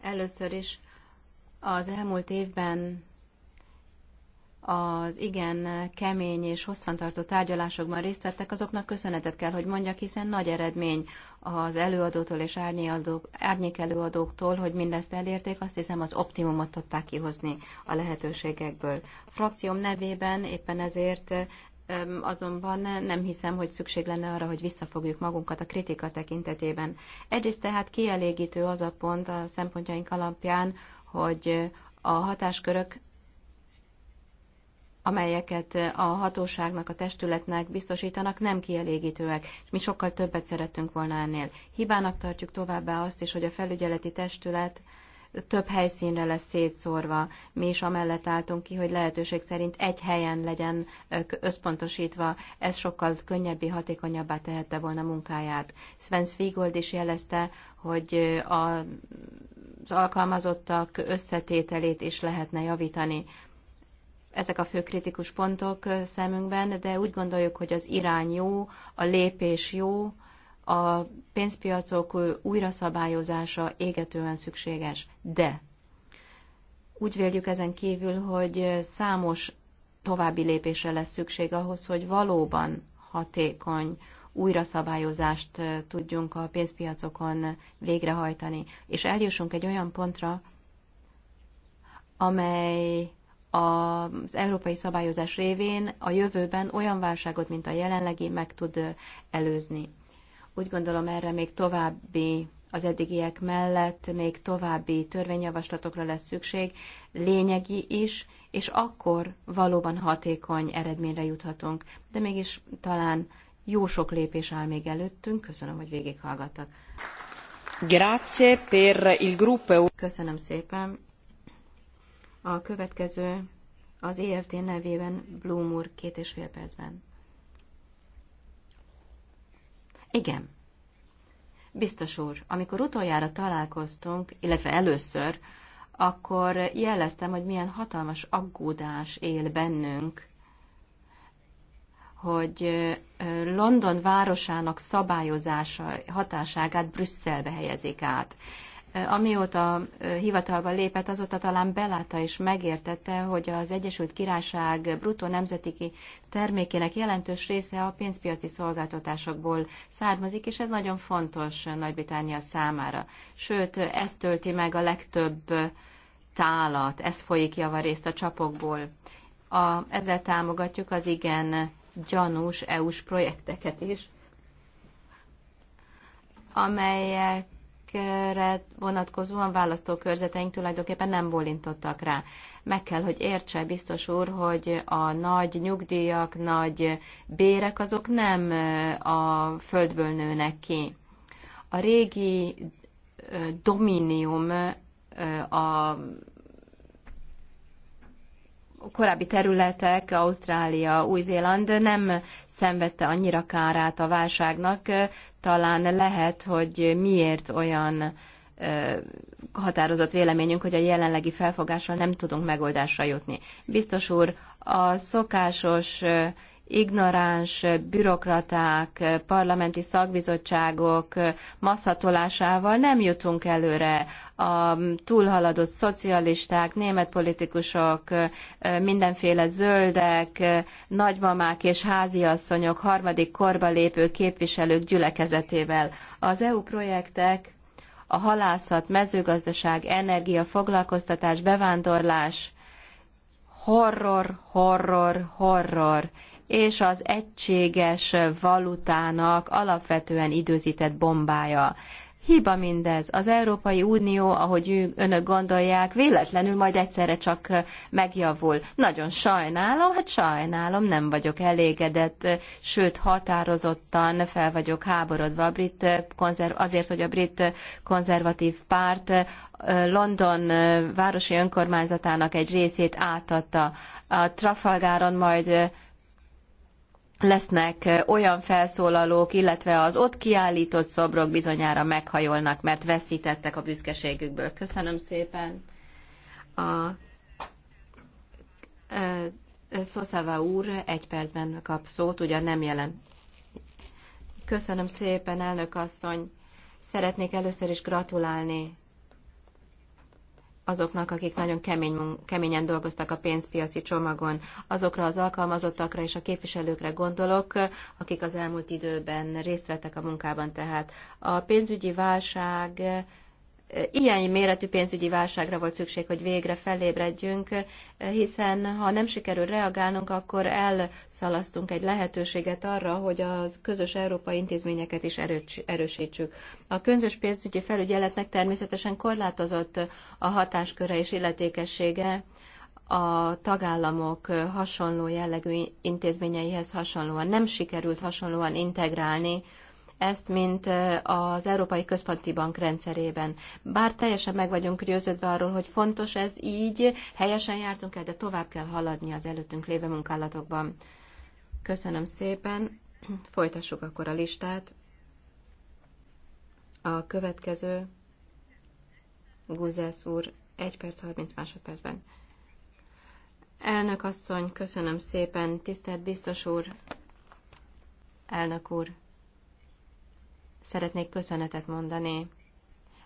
Először is az elmúlt évben az igen kemény és hosszantartó tárgyalásokban részt vettek, azoknak köszönetet kell, hogy mondjak, hiszen nagy eredmény az előadótól és árnyék előadóktól, hogy mindezt elérték, azt hiszem az optimumot tudták kihozni a lehetőségekből. Frakcióm nevében éppen ezért azonban nem hiszem, hogy szükség lenne arra, hogy visszafogjuk magunkat a kritika tekintetében. Egyrészt tehát kielégítő az a pont a szempontjaink alapján, hogy a hatáskörök amelyeket a hatóságnak, a testületnek biztosítanak, nem kielégítőek. Mi sokkal többet szerettünk volna ennél. Hibának tartjuk továbbá azt is, hogy a felügyeleti testület több helyszínre lesz szétszórva. Mi is amellett álltunk ki, hogy lehetőség szerint egy helyen legyen összpontosítva, ez sokkal könnyebbé, hatékonyabbá tehette volna munkáját. Sven Svigold is jelezte, hogy a, az alkalmazottak összetételét is lehetne javítani. Ezek a fő kritikus pontok szemünkben, de úgy gondoljuk, hogy az irány jó, a lépés jó, a pénzpiacok újraszabályozása égetően szükséges, de úgy véljük ezen kívül, hogy számos további lépésre lesz szükség ahhoz, hogy valóban hatékony újraszabályozást tudjunk a pénzpiacokon végrehajtani, és eljussunk egy olyan pontra, amely az európai szabályozás révén a jövőben olyan válságot, mint a jelenlegi meg tud előzni. Úgy gondolom erre még további az eddigiek mellett még további törvényjavaslatokra lesz szükség, lényegi is, és akkor valóban hatékony eredményre juthatunk. De mégis talán jó sok lépés áll még előttünk. Köszönöm, hogy végighallgattak. Grazie per il gruppo. Köszönöm szépen. A következő az EFT nevében Blumur úr két és fél percben. Igen. Biztos úr, amikor utoljára találkoztunk, illetve először, akkor jeleztem, hogy milyen hatalmas aggódás él bennünk, hogy London városának szabályozása hatáságát Brüsszelbe helyezik át. Amióta hivatalba lépett, azóta talán belátta és megértette, hogy az Egyesült Királyság bruttó nemzeti termékének jelentős része a pénzpiaci szolgáltatásokból származik, és ez nagyon fontos Nagy-Britannia számára. Sőt, ez tölti meg a legtöbb tálat, ez folyik javarészt a csapokból. A, ezzel támogatjuk az igen gyanús EU-s projekteket is, amelyek ezekre vonatkozóan választókörzeteink tulajdonképpen nem bólintottak rá. Meg kell, hogy értse biztos úr, hogy a nagy nyugdíjak, nagy bérek azok nem a földből nőnek ki. A régi dominium a korábbi területek, Ausztrália, Új-Zéland nem szenvedte annyira kárát a válságnak, talán lehet, hogy miért olyan határozott véleményünk, hogy a jelenlegi felfogással nem tudunk megoldásra jutni. Biztos úr, a szokásos ignoráns bürokraták, parlamenti szakbizottságok maszhatolásával nem jutunk előre. A túlhaladott szocialisták, német politikusok, mindenféle zöldek, nagymamák és háziasszonyok, harmadik korba lépő képviselők gyülekezetével. Az EU projektek a halászat, mezőgazdaság, energia, foglalkoztatás, bevándorlás, horror, horror, horror, és az egységes valutának alapvetően időzített bombája. Hiba mindez. Az Európai Unió, ahogy önök gondolják, véletlenül majd egyszerre csak megjavul. Nagyon sajnálom, hát sajnálom, nem vagyok elégedett, sőt határozottan fel vagyok háborodva a brit konzerv- azért, hogy a brit konzervatív párt London városi önkormányzatának egy részét átadta. A Trafalgáron majd lesznek eh, olyan felszólalók, illetve az ott kiállított szobrok bizonyára meghajolnak, mert veszítettek a büszkeségükből. Köszönöm szépen. A eh, Szoszava úr egy percben kap szót, ugyan nem jelen. Köszönöm szépen, elnök asszony. Szeretnék először is gratulálni azoknak, akik nagyon kemény, keményen dolgoztak a pénzpiaci csomagon, azokra az alkalmazottakra és a képviselőkre gondolok, akik az elmúlt időben részt vettek a munkában. Tehát a pénzügyi válság ilyen méretű pénzügyi válságra volt szükség, hogy végre felébredjünk, hiszen ha nem sikerül reagálnunk, akkor elszalasztunk egy lehetőséget arra, hogy a közös európai intézményeket is erősítsük. A közös pénzügyi felügyeletnek természetesen korlátozott a hatásköre és illetékessége, a tagállamok hasonló jellegű intézményeihez hasonlóan nem sikerült hasonlóan integrálni ezt, mint az Európai Központi Bank rendszerében. Bár teljesen meg vagyunk győződve arról, hogy fontos ez így, helyesen jártunk el, de tovább kell haladni az előttünk lévő munkálatokban. Köszönöm szépen. Folytassuk akkor a listát. A következő Guzesz úr 1 perc 30 másodpercben. Elnök asszony, köszönöm szépen, tisztelt biztos úr, elnök úr, szeretnék köszönetet mondani.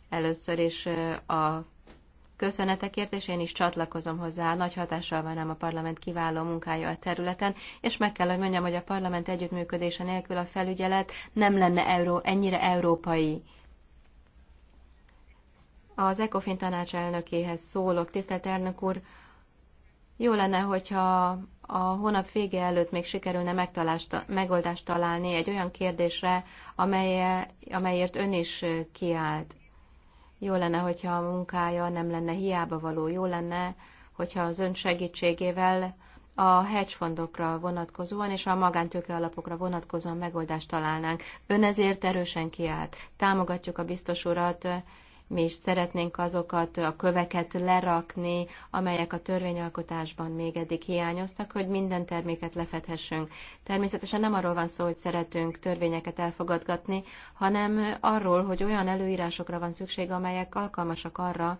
Először is a köszönetekért, és én is csatlakozom hozzá. Nagy hatással van ám a parlament kiváló munkája a területen, és meg kell, hogy mondjam, hogy a parlament együttműködése nélkül a felügyelet nem lenne euró, ennyire európai. Az ECOFIN tanács elnökéhez szólok, tisztelt elnök úr, jó lenne, hogyha a hónap vége előtt még sikerülne megoldást találni egy olyan kérdésre, amely, amelyért ön is kiállt. Jó lenne, hogyha a munkája nem lenne hiába való, jó lenne, hogyha az ön segítségével a hedgefondokra vonatkozóan és a magántőke alapokra vonatkozóan megoldást találnánk. Ön ezért erősen kiállt. Támogatjuk a biztos urat mi is szeretnénk azokat a köveket lerakni, amelyek a törvényalkotásban még eddig hiányoztak, hogy minden terméket lefedhessünk. Természetesen nem arról van szó, hogy szeretünk törvényeket elfogadgatni, hanem arról, hogy olyan előírásokra van szükség, amelyek alkalmasak arra,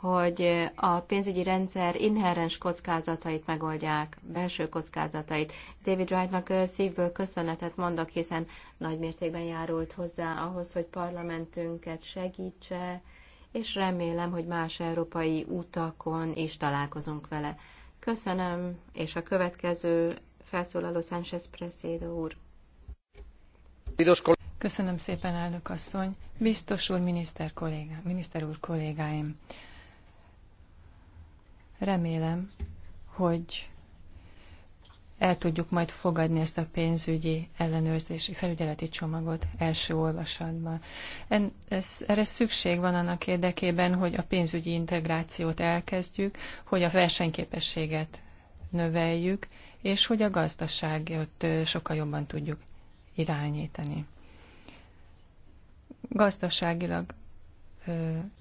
hogy a pénzügyi rendszer inherens kockázatait megoldják, belső kockázatait. David Wrightnak szívből köszönetet mondok, hiszen nagy mértékben járult hozzá ahhoz, hogy parlamentünket segítse, és remélem, hogy más európai utakon is találkozunk vele. Köszönöm, és a következő felszólaló Sánchez Presedo úr. Köszönöm szépen, elnök asszony. Biztos úr, miniszter, kollégá, miniszter úr kollégáim. Remélem, hogy el tudjuk majd fogadni ezt a pénzügyi ellenőrzési felügyeleti csomagot első olvasatban. En, ez, erre szükség van annak érdekében, hogy a pénzügyi integrációt elkezdjük, hogy a versenyképességet növeljük, és hogy a gazdaságot sokkal jobban tudjuk irányítani. Gazdaságilag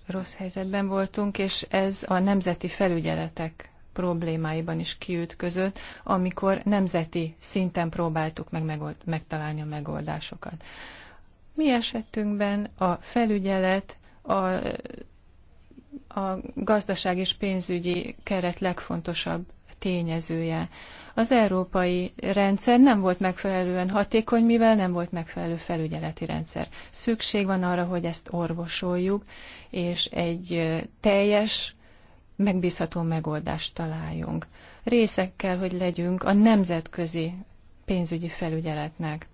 rossz helyzetben voltunk, és ez a nemzeti felügyeletek problémáiban is kiütközött, amikor nemzeti szinten próbáltuk meg megold, megtalálni a megoldásokat. Mi esetünkben a felügyelet a, a gazdaság és pénzügyi keret legfontosabb tényezője. Az európai rendszer nem volt megfelelően hatékony, mivel nem volt megfelelő felügyeleti rendszer. Szükség van arra, hogy ezt orvosoljuk, és egy teljes, megbízható megoldást találjunk. Részekkel, hogy legyünk a nemzetközi pénzügyi felügyeletnek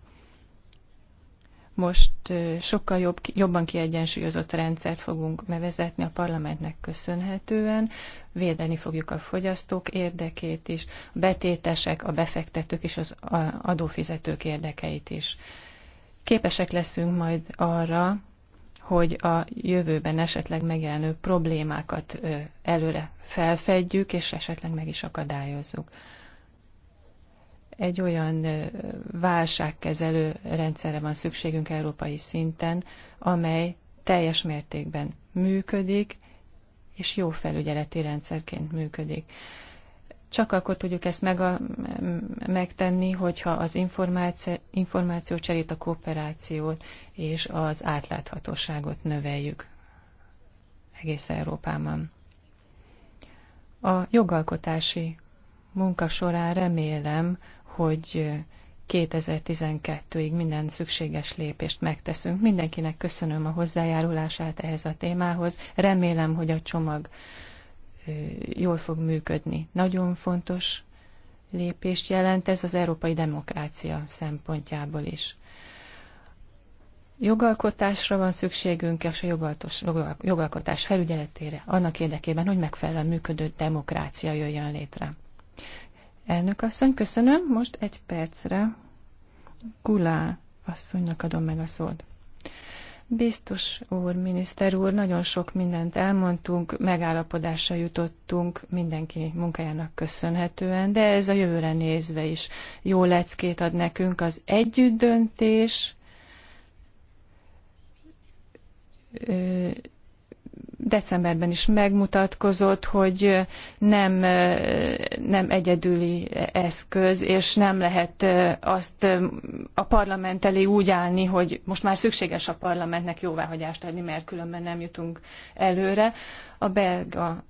most sokkal jobb, jobban kiegyensúlyozott rendszert fogunk bevezetni a parlamentnek köszönhetően. Védeni fogjuk a fogyasztók érdekét is, a betétesek, a befektetők és az adófizetők érdekeit is. Képesek leszünk majd arra, hogy a jövőben esetleg megjelenő problémákat előre felfedjük, és esetleg meg is akadályozzuk egy olyan válságkezelő rendszerre van szükségünk európai szinten, amely teljes mértékben működik, és jó felügyeleti rendszerként működik. Csak akkor tudjuk ezt meg a, megtenni, hogyha az információ, cserét, a kooperációt és az átláthatóságot növeljük egész Európában. A jogalkotási munka során remélem hogy 2012-ig minden szükséges lépést megteszünk. Mindenkinek köszönöm a hozzájárulását ehhez a témához. Remélem, hogy a csomag jól fog működni. Nagyon fontos lépést jelent ez az európai demokrácia szempontjából is. Jogalkotásra van szükségünk, és a jogalkotás felügyeletére, annak érdekében, hogy megfelelően működő demokrácia jöjjön létre. Elnök asszony, köszönöm. Most egy percre Gulá asszonynak adom meg a szót. Biztos úr, miniszter úr, nagyon sok mindent elmondtunk, megállapodásra jutottunk mindenki munkájának köszönhetően, de ez a jövőre nézve is jó leckét ad nekünk az együttdöntés, decemberben is megmutatkozott, hogy nem, nem egyedüli eszköz, és nem lehet azt a parlament elé úgy állni, hogy most már szükséges a parlamentnek jóváhagyást adni, mert különben nem jutunk előre. A belga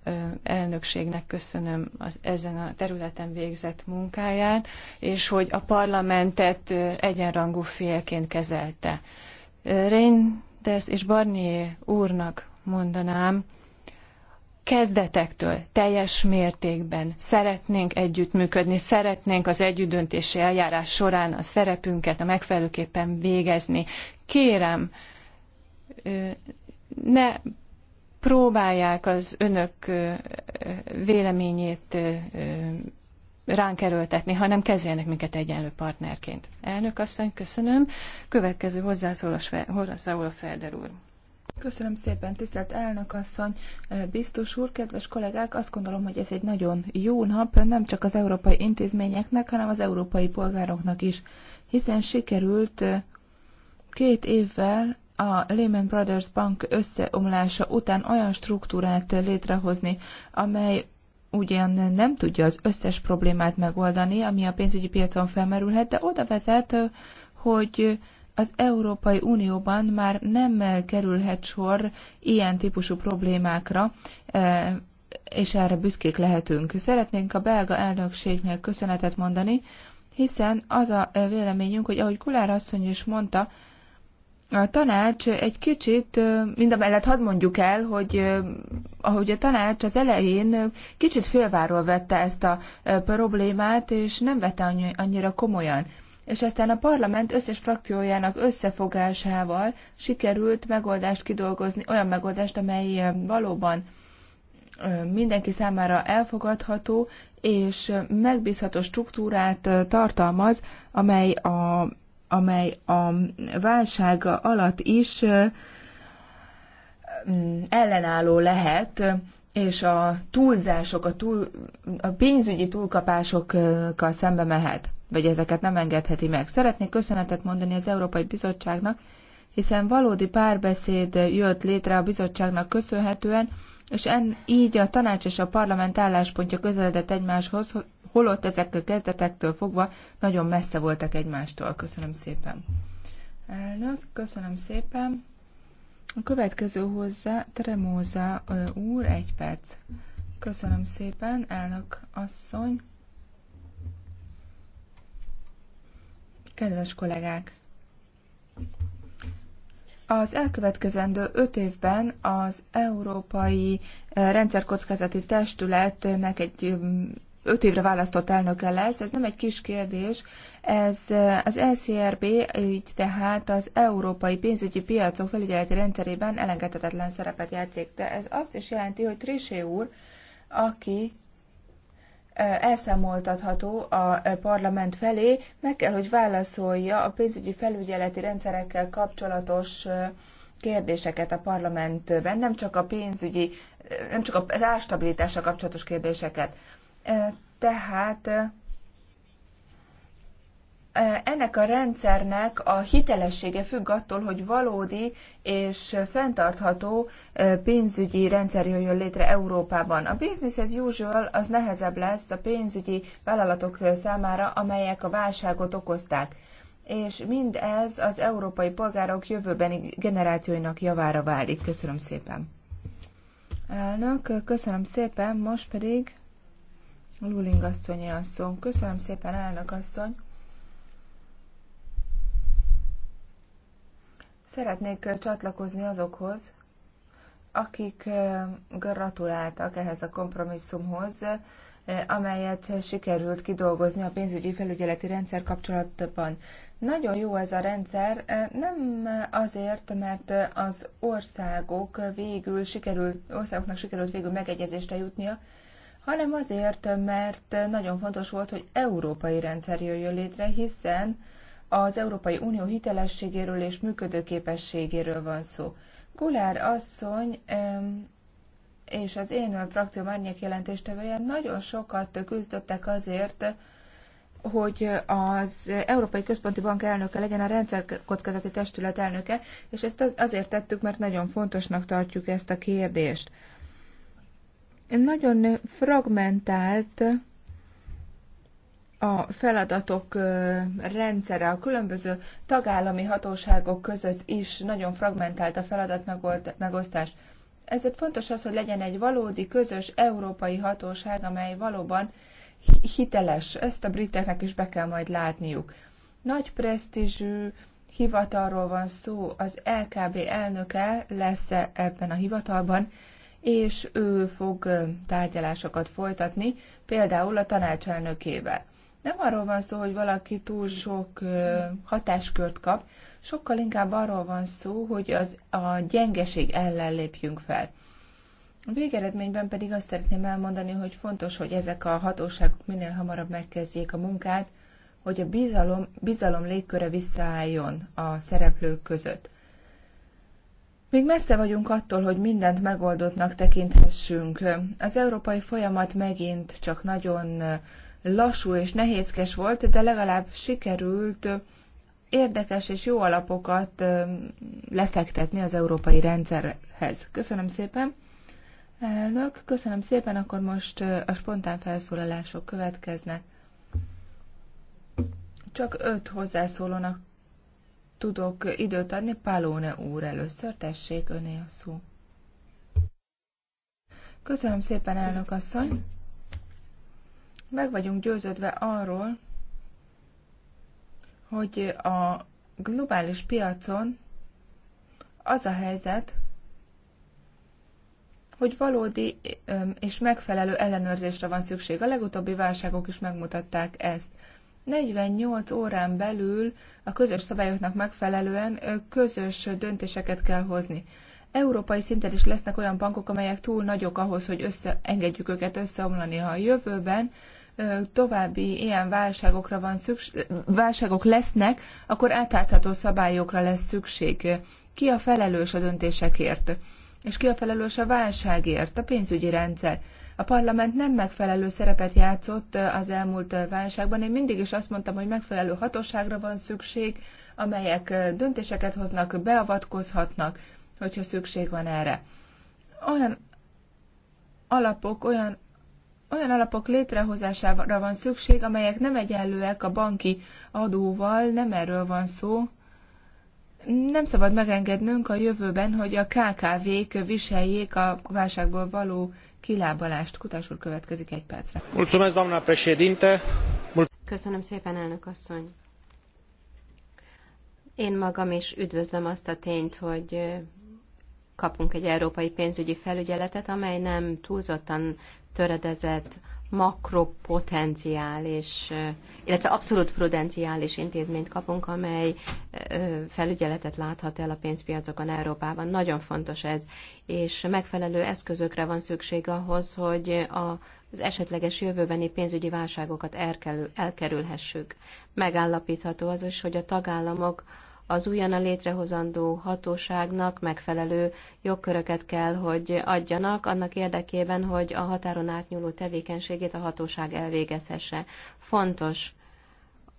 elnökségnek köszönöm az, ezen a területen végzett munkáját, és hogy a parlamentet egyenrangú félként kezelte. Reinders és Barnier úrnak mondanám, kezdetektől teljes mértékben szeretnénk együttműködni, szeretnénk az együttdöntési eljárás során a szerepünket a megfelelőképpen végezni. Kérem, ne próbálják az önök véleményét ránk erőltetni, hanem kezeljenek minket egyenlő partnerként. Elnök asszony, köszönöm. Következő hozzászól a, Felder úr. Köszönöm szépen, tisztelt elnök asszony, eh, biztos úr, kedves kollégák, azt gondolom, hogy ez egy nagyon jó nap, nem csak az európai intézményeknek, hanem az európai polgároknak is, hiszen sikerült eh, két évvel a Lehman Brothers bank összeomlása után olyan struktúrát létrehozni, amely ugyan nem tudja az összes problémát megoldani, ami a pénzügyi piacon felmerülhet, de oda vezet, eh, hogy az Európai Unióban már nem kerülhet sor ilyen típusú problémákra, e, és erre büszkék lehetünk. Szeretnénk a belga elnökségnél köszönetet mondani, hiszen az a véleményünk, hogy ahogy Kulár asszony is mondta, a tanács egy kicsit, e, mind a mellett hadd mondjuk el, hogy e, ahogy a tanács az elején kicsit félváról vette ezt a problémát, és nem vette annyira komolyan és aztán a parlament összes frakciójának összefogásával sikerült megoldást kidolgozni, olyan megoldást, amely valóban mindenki számára elfogadható és megbízható struktúrát tartalmaz, amely a, amely a válság alatt is mm, ellenálló lehet, és a túlzások, a, túl, a pénzügyi túlkapásokkal szembe mehet vagy ezeket nem engedheti meg. Szeretnék köszönetet mondani az Európai Bizottságnak, hiszen valódi párbeszéd jött létre a bizottságnak köszönhetően, és en, így a tanács és a parlament álláspontja közeledett egymáshoz, holott ezek a kezdetektől fogva nagyon messze voltak egymástól. Köszönöm szépen. Elnök, köszönöm szépen. A következő hozzá Tremóza úr, egy perc. Köszönöm szépen, elnök asszony. Kedves kollégák! Az elkövetkezendő öt évben az Európai eh, Rendszerkockázati Testületnek egy eh, öt évre választott elnöke lesz. Ez nem egy kis kérdés, ez eh, az LCRB, így tehát az Európai Pénzügyi Piacok Felügyeleti Rendszerében elengedhetetlen szerepet játszik. De ez azt is jelenti, hogy Trisé úr, aki elszámoltatható a parlament felé, meg kell, hogy válaszolja a pénzügyi felügyeleti rendszerekkel kapcsolatos kérdéseket a parlamentben, nem csak a pénzügyi, nem csak az árstabilitással kapcsolatos kérdéseket. Tehát ennek a rendszernek a hitelessége függ attól, hogy valódi és fenntartható pénzügyi rendszer jön létre Európában. A business as usual az nehezebb lesz a pénzügyi vállalatok számára, amelyek a válságot okozták. És mindez az európai polgárok jövőbeni generációinak javára válik. Köszönöm szépen. Elnök, köszönöm szépen, most pedig Luling asszonyi asszony. Köszönöm szépen, elnök asszony. Szeretnék csatlakozni azokhoz, akik gratuláltak ehhez a kompromisszumhoz, amelyet sikerült kidolgozni a pénzügyi felügyeleti rendszer kapcsolatban. Nagyon jó ez a rendszer, nem azért, mert az országok végül sikerült, országoknak sikerült végül megegyezésre jutnia, hanem azért, mert nagyon fontos volt, hogy európai rendszer jöjjön létre, hiszen az Európai Unió hitelességéről és működőképességéről van szó. Gulár asszony és az én frakció árnyék jelentéstevője nagyon sokat küzdöttek azért, hogy az Európai Központi Bank elnöke legyen a rendszerkockázati testület elnöke, és ezt azért tettük, mert nagyon fontosnak tartjuk ezt a kérdést. Nagyon fragmentált a feladatok rendszere a különböző tagállami hatóságok között is nagyon fragmentált a feladat megosztás. Ezért fontos az, hogy legyen egy valódi közös európai hatóság, amely valóban hiteles. Ezt a briteknek is be kell majd látniuk. Nagy presztízsű hivatalról van szó, az LKB elnöke lesz -e ebben a hivatalban, és ő fog tárgyalásokat folytatni, például a tanácselnökével. Nem arról van szó, hogy valaki túl sok hatáskört kap, sokkal inkább arról van szó, hogy az, a gyengeség ellen lépjünk fel. A végeredményben pedig azt szeretném elmondani, hogy fontos, hogy ezek a hatóságok minél hamarabb megkezdjék a munkát, hogy a bizalom, bizalom légköre visszaálljon a szereplők között. Még messze vagyunk attól, hogy mindent megoldottnak tekinthessünk. Az európai folyamat megint csak nagyon lassú és nehézkes volt, de legalább sikerült érdekes és jó alapokat lefektetni az európai rendszerhez. Köszönöm szépen. Elnök, köszönöm szépen, akkor most a spontán felszólalások következnek. Csak öt hozzászólónak tudok időt adni. Palóne úr először, tessék, öné a szó. Köszönöm szépen, elnök asszony. Meg vagyunk győződve arról, hogy a globális piacon az a helyzet, hogy valódi és megfelelő ellenőrzésre van szükség. A legutóbbi válságok is megmutatták ezt. 48 órán belül a közös szabályoknak megfelelően közös döntéseket kell hozni. Európai szinten is lesznek olyan bankok, amelyek túl nagyok ahhoz, hogy össze, engedjük őket összeomlani, ha a jövőben további ilyen válságokra van szükség, válságok lesznek, akkor átlátható szabályokra lesz szükség. Ki a felelős a döntésekért? És ki a felelős a válságért? A pénzügyi rendszer. A parlament nem megfelelő szerepet játszott az elmúlt válságban. Én mindig is azt mondtam, hogy megfelelő hatóságra van szükség, amelyek döntéseket hoznak, beavatkozhatnak, hogyha szükség van erre. Olyan alapok, olyan olyan alapok létrehozására van szükség, amelyek nem egyenlőek a banki adóval, nem erről van szó. Nem szabad megengednünk a jövőben, hogy a KKV-k viseljék a válságból való kilábalást. Kutás úr következik egy percre. Köszönöm szépen, elnök asszony. Én magam is üdvözlöm azt a tényt, hogy kapunk egy európai pénzügyi felügyeletet, amely nem túlzottan töredezett makropotenciális, illetve abszolút prudenciális intézményt kapunk, amely felügyeletet láthat el a pénzpiacokon Európában. Nagyon fontos ez, és megfelelő eszközökre van szükség ahhoz, hogy az esetleges jövőbeni pénzügyi válságokat elkerülhessük. Megállapítható az is, hogy a tagállamok az újonnan létrehozandó hatóságnak megfelelő jogköröket kell, hogy adjanak, annak érdekében, hogy a határon átnyúló tevékenységét a hatóság elvégezhesse. Fontos,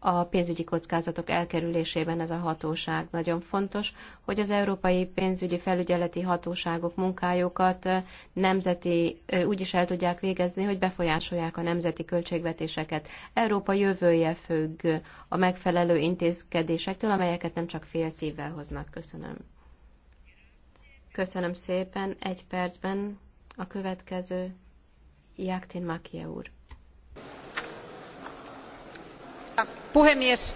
a pénzügyi kockázatok elkerülésében ez a hatóság. Nagyon fontos, hogy az európai pénzügyi felügyeleti hatóságok munkájukat nemzeti, úgy is el tudják végezni, hogy befolyásolják a nemzeti költségvetéseket. Európa jövője függ a megfelelő intézkedésektől, amelyeket nem csak fél szívvel hoznak. Köszönöm. Köszönöm szépen. Egy percben a következő Jaktin Makia úr. puhemies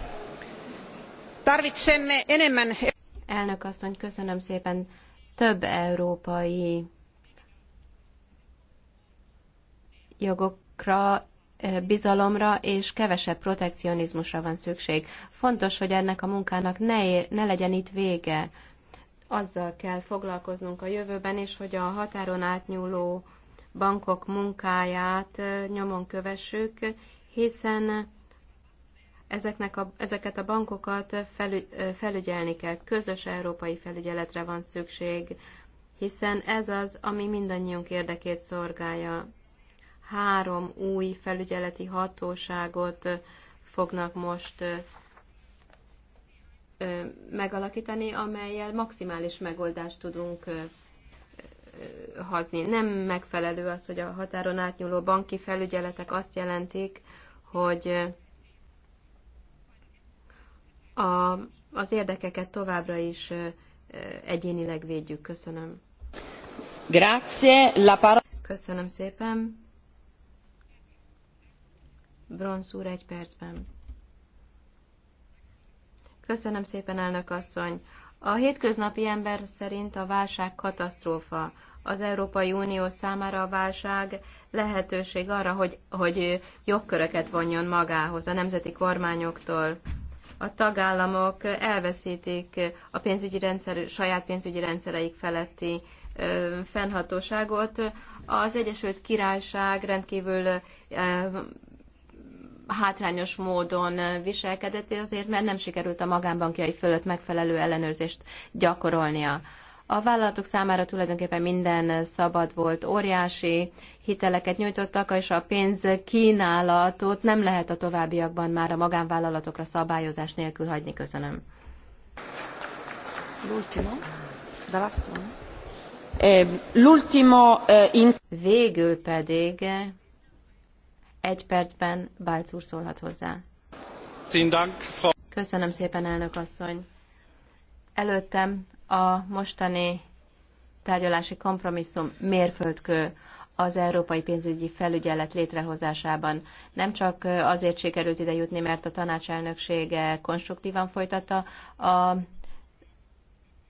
tarvitsemme enemmän. E- elnök asszony köszönöm szépen több európai jogokra e, bizalomra és kevesebb protekcionizmusra van szükség. Fontos, hogy ennek a munkának ne, ér, ne legyen itt vége. Azzal kell foglalkoznunk a jövőben is, hogy a határon átnyúló bankok munkáját e, nyomon kövessük, hiszen ezeknek a, ezeket a bankokat fel, felügyelni kell. Közös európai felügyeletre van szükség, hiszen ez az, ami mindannyiunk érdekét szorgálja. Három új felügyeleti hatóságot fognak most megalakítani, amelyel maximális megoldást tudunk hazni. Nem megfelelő az, hogy a határon átnyúló banki felügyeletek azt jelentik, hogy a, az érdekeket továbbra is egyénileg védjük. Köszönöm. Grazie, la para... Köszönöm szépen. Bronz úr egy percben. Köszönöm szépen, elnök asszony. A hétköznapi ember szerint a válság katasztrófa. Az Európai Unió számára a válság lehetőség arra, hogy, hogy jogköröket vonjon magához a nemzeti kormányoktól, a tagállamok elveszítik a pénzügyi rendszer, saját pénzügyi rendszereik feletti fennhatóságot. Az Egyesült Királyság rendkívül hátrányos módon viselkedett, azért mert nem sikerült a magánbankjai fölött megfelelő ellenőrzést gyakorolnia. A vállalatok számára tulajdonképpen minden szabad volt, óriási hiteleket nyújtottak, és a pénz kínálatot nem lehet a továbbiakban már a magánvállalatokra szabályozás nélkül hagyni. Köszönöm. L'ultimo. Eh, eh, Végül pedig egy percben Bálc úr szólhat hozzá. Köszönöm szépen, elnök asszony. Előttem a mostani tárgyalási kompromisszum mérföldkő az európai pénzügyi felügyelet létrehozásában. Nem csak azért sikerült ide jutni, mert a tanácselnöksége konstruktívan folytatta a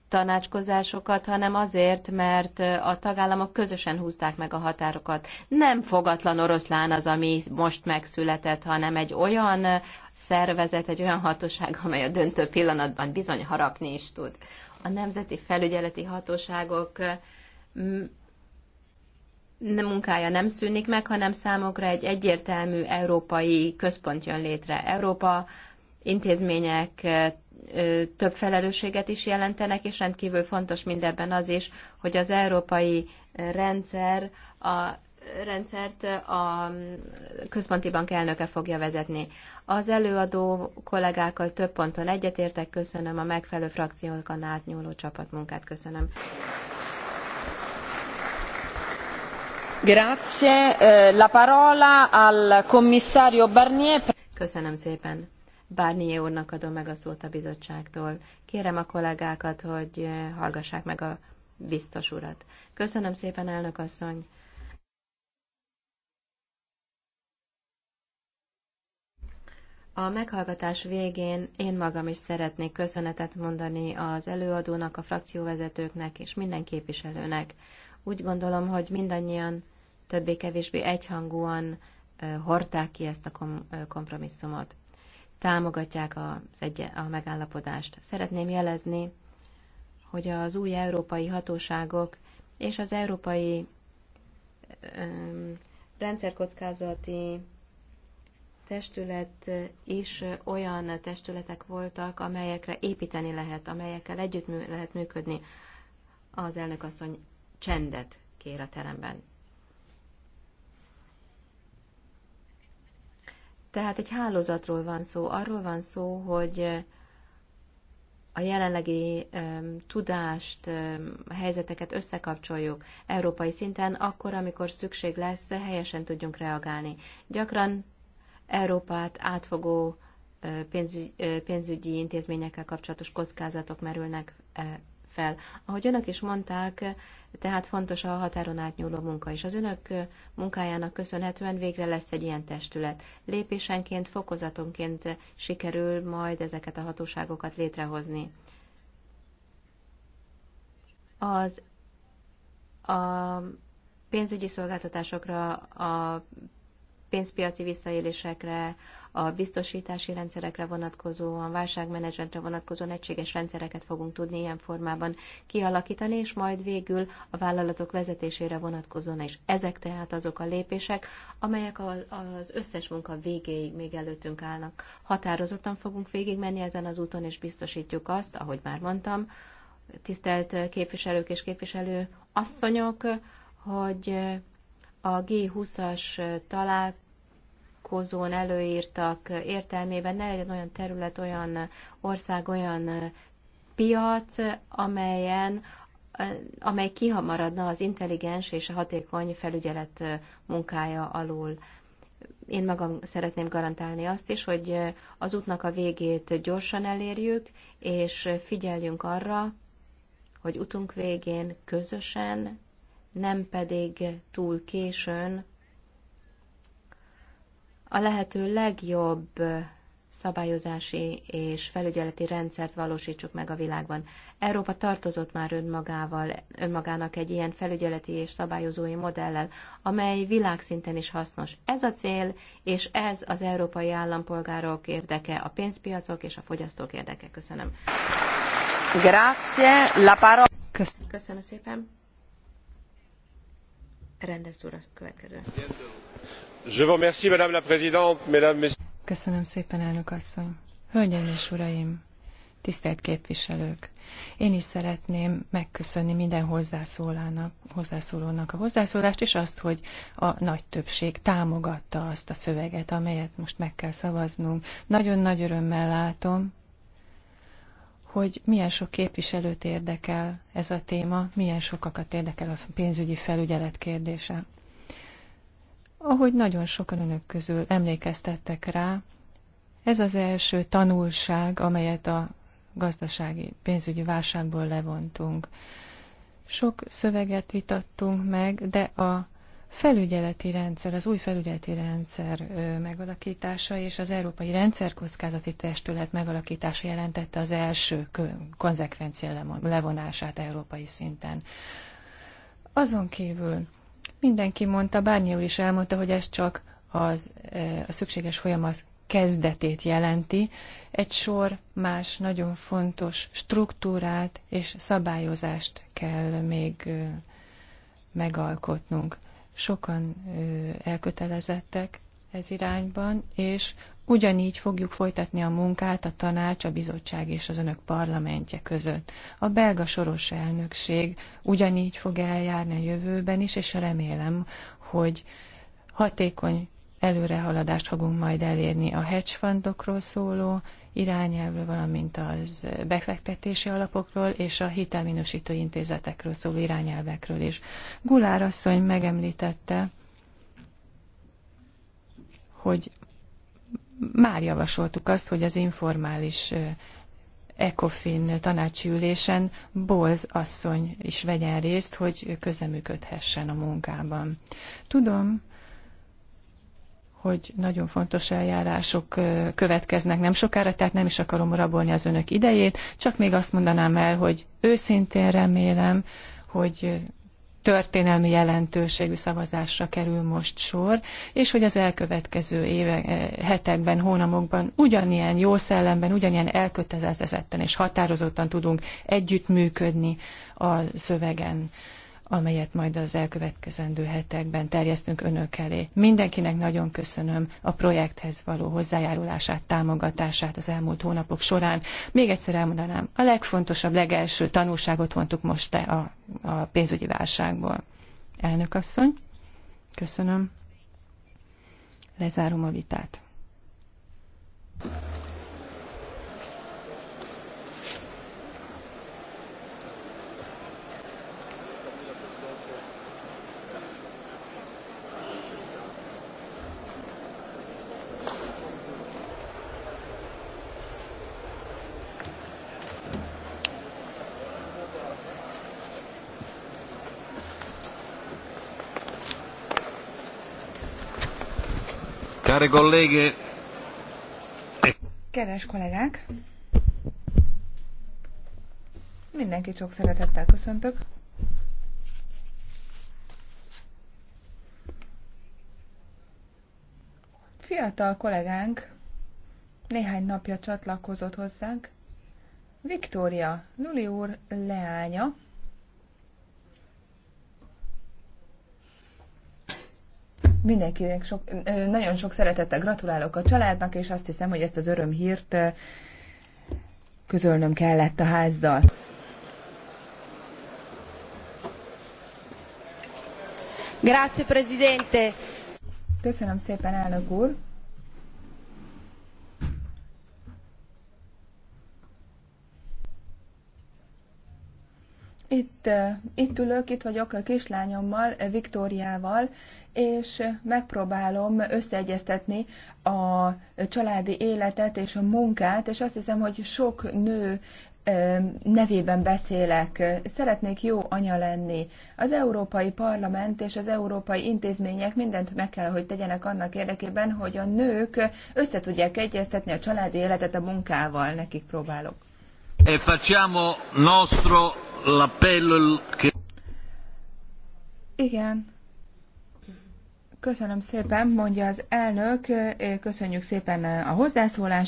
tanácskozásokat, hanem azért, mert a tagállamok közösen húzták meg a határokat. Nem fogatlan oroszlán az, ami most megszületett, hanem egy olyan szervezet, egy olyan hatóság, amely a döntő pillanatban bizony harapni is tud a nemzeti felügyeleti hatóságok munkája nem szűnik meg, hanem számokra egy egyértelmű európai központ jön létre. Európa intézmények több felelősséget is jelentenek, és rendkívül fontos mindebben az is, hogy az európai rendszer a rendszert a központi bank elnöke fogja vezetni. Az előadó kollégákkal több ponton egyetértek, köszönöm a megfelelő frakciókon átnyúló csapatmunkát, köszönöm. Grazie. Eh, la parola al commissario Barnier. Köszönöm szépen. Barnier úrnak adom meg a szót a bizottságtól. Kérem a kollégákat, hogy eh, hallgassák meg a biztos urat. Köszönöm szépen, elnök asszony. A meghallgatás végén én magam is szeretnék köszönetet mondani az előadónak, a frakcióvezetőknek és minden képviselőnek. Úgy gondolom, hogy mindannyian többé-kevésbé egyhangúan hordták ki ezt a kompromisszumot. Támogatják az egy- a megállapodást. Szeretném jelezni, hogy az új európai hatóságok és az európai rendszerkockázati testület is olyan testületek voltak, amelyekre építeni lehet, amelyekkel együtt mű, lehet működni. Az asszony csendet kér a teremben. Tehát egy hálózatról van szó. Arról van szó, hogy a jelenlegi um, tudást, um, helyzeteket összekapcsoljuk európai szinten, akkor, amikor szükség lesz, helyesen tudjunk reagálni. Gyakran Európát átfogó pénzügyi intézményekkel kapcsolatos kockázatok merülnek fel. Ahogy önök is mondták, tehát fontos a határon átnyúló munka is. Az önök munkájának köszönhetően végre lesz egy ilyen testület. Lépésenként, fokozatonként sikerül majd ezeket a hatóságokat létrehozni. Az a pénzügyi szolgáltatásokra, a pénzpiaci visszaélésekre, a biztosítási rendszerekre vonatkozóan, válságmenedzsmentre vonatkozóan egységes rendszereket fogunk tudni ilyen formában kialakítani, és majd végül a vállalatok vezetésére vonatkozóan is. Ezek tehát azok a lépések, amelyek az összes munka végéig még előttünk állnak. Határozottan fogunk végigmenni ezen az úton, és biztosítjuk azt, ahogy már mondtam, tisztelt képviselők és képviselő asszonyok, hogy a G20-as találkozón előírtak értelmében ne legyen olyan terület, olyan ország, olyan piac, amelyen amely kihamaradna az intelligens és a hatékony felügyelet munkája alól. Én magam szeretném garantálni azt is, hogy az útnak a végét gyorsan elérjük, és figyeljünk arra, hogy utunk végén közösen nem pedig túl későn a lehető legjobb szabályozási és felügyeleti rendszert valósítsuk meg a világban. Európa tartozott már önmagával, önmagának egy ilyen felügyeleti és szabályozói modellel, amely világszinten is hasznos. Ez a cél, és ez az európai állampolgárok érdeke, a pénzpiacok és a fogyasztók érdeke. Köszönöm. Grazie, la parola. Köszönöm szépen. Rendez úr a következő. Köszönöm szépen, elnök asszony. Hölgyeim és uraim, tisztelt képviselők! Én is szeretném megköszönni minden hozzászólának, hozzászólónak a hozzászólást, és azt, hogy a nagy többség támogatta azt a szöveget, amelyet most meg kell szavaznunk. Nagyon nagy örömmel látom, hogy milyen sok képviselőt érdekel ez a téma, milyen sokakat érdekel a pénzügyi felügyelet kérdése. Ahogy nagyon sokan önök közül emlékeztettek rá, ez az első tanulság, amelyet a gazdasági pénzügyi válságból levontunk. Sok szöveget vitattunk meg, de a felügyeleti rendszer, az új felügyeleti rendszer megalakítása és az Európai Rendszerkockázati Testület megalakítása jelentette az első konzekvencia levonását európai szinten. Azon kívül mindenki mondta, Bárnyi úr is elmondta, hogy ez csak az, a szükséges folyamat kezdetét jelenti, egy sor más nagyon fontos struktúrát és szabályozást kell még megalkotnunk sokan elkötelezettek ez irányban, és ugyanígy fogjuk folytatni a munkát a tanács, a bizottság és az önök parlamentje között. A belga soros elnökség ugyanígy fog eljárni a jövőben is, és remélem, hogy hatékony előrehaladást fogunk majd elérni a hedge fundokról szóló irányelvről, valamint az befektetési alapokról és a hitelminősítő intézetekről szóló irányelvekről is. Gulár asszony megemlítette, hogy már javasoltuk azt, hogy az informális ECOFIN tanácsi ülésen Bolz asszony is vegyen részt, hogy közeműködhessen a munkában. Tudom, hogy nagyon fontos eljárások következnek nem sokára, tehát nem is akarom rabolni az önök idejét, csak még azt mondanám el, hogy őszintén remélem, hogy történelmi jelentőségű szavazásra kerül most sor, és hogy az elkövetkező évek, hetekben, hónapokban ugyanilyen jó szellemben, ugyanilyen elkötelezetten és határozottan tudunk együttműködni a szövegen amelyet majd az elkövetkezendő hetekben terjesztünk önök elé. Mindenkinek nagyon köszönöm a projekthez való hozzájárulását, támogatását az elmúlt hónapok során. Még egyszer elmondanám, a legfontosabb, legelső tanulságot vontuk most a, a pénzügyi válságból. Elnök asszony, köszönöm. Lezárom a vitát. Care colleghe. Kedves kollégák! Mindenkit sok szeretettel köszöntök. Fiatal kollégánk néhány napja csatlakozott hozzánk. Viktória, Luli úr leánya, Mindenkinek sok, nagyon sok szeretettel gratulálok a családnak, és azt hiszem, hogy ezt az örömhírt közölnöm kellett a házzal. Grazie, Presidente. Köszönöm szépen, elnök úr. Itt, eh, itt ülök, itt vagyok a kislányommal, eh, Viktóriával, és eh, megpróbálom összeegyeztetni a családi életet és a munkát, és azt hiszem, hogy sok nő nevében beszélek. Szeretnék jó anya lenni. Az Európai Parlament és az európai intézmények mindent meg kell, hogy tegyenek annak érdekében, hogy a nők összetudják egyeztetni a családi életet a munkával. Nekik próbálok. E facciamo nostro l'appello che... Igen. Köszönöm szépen, mondja az elnök. Köszönjük szépen a hozzászólását.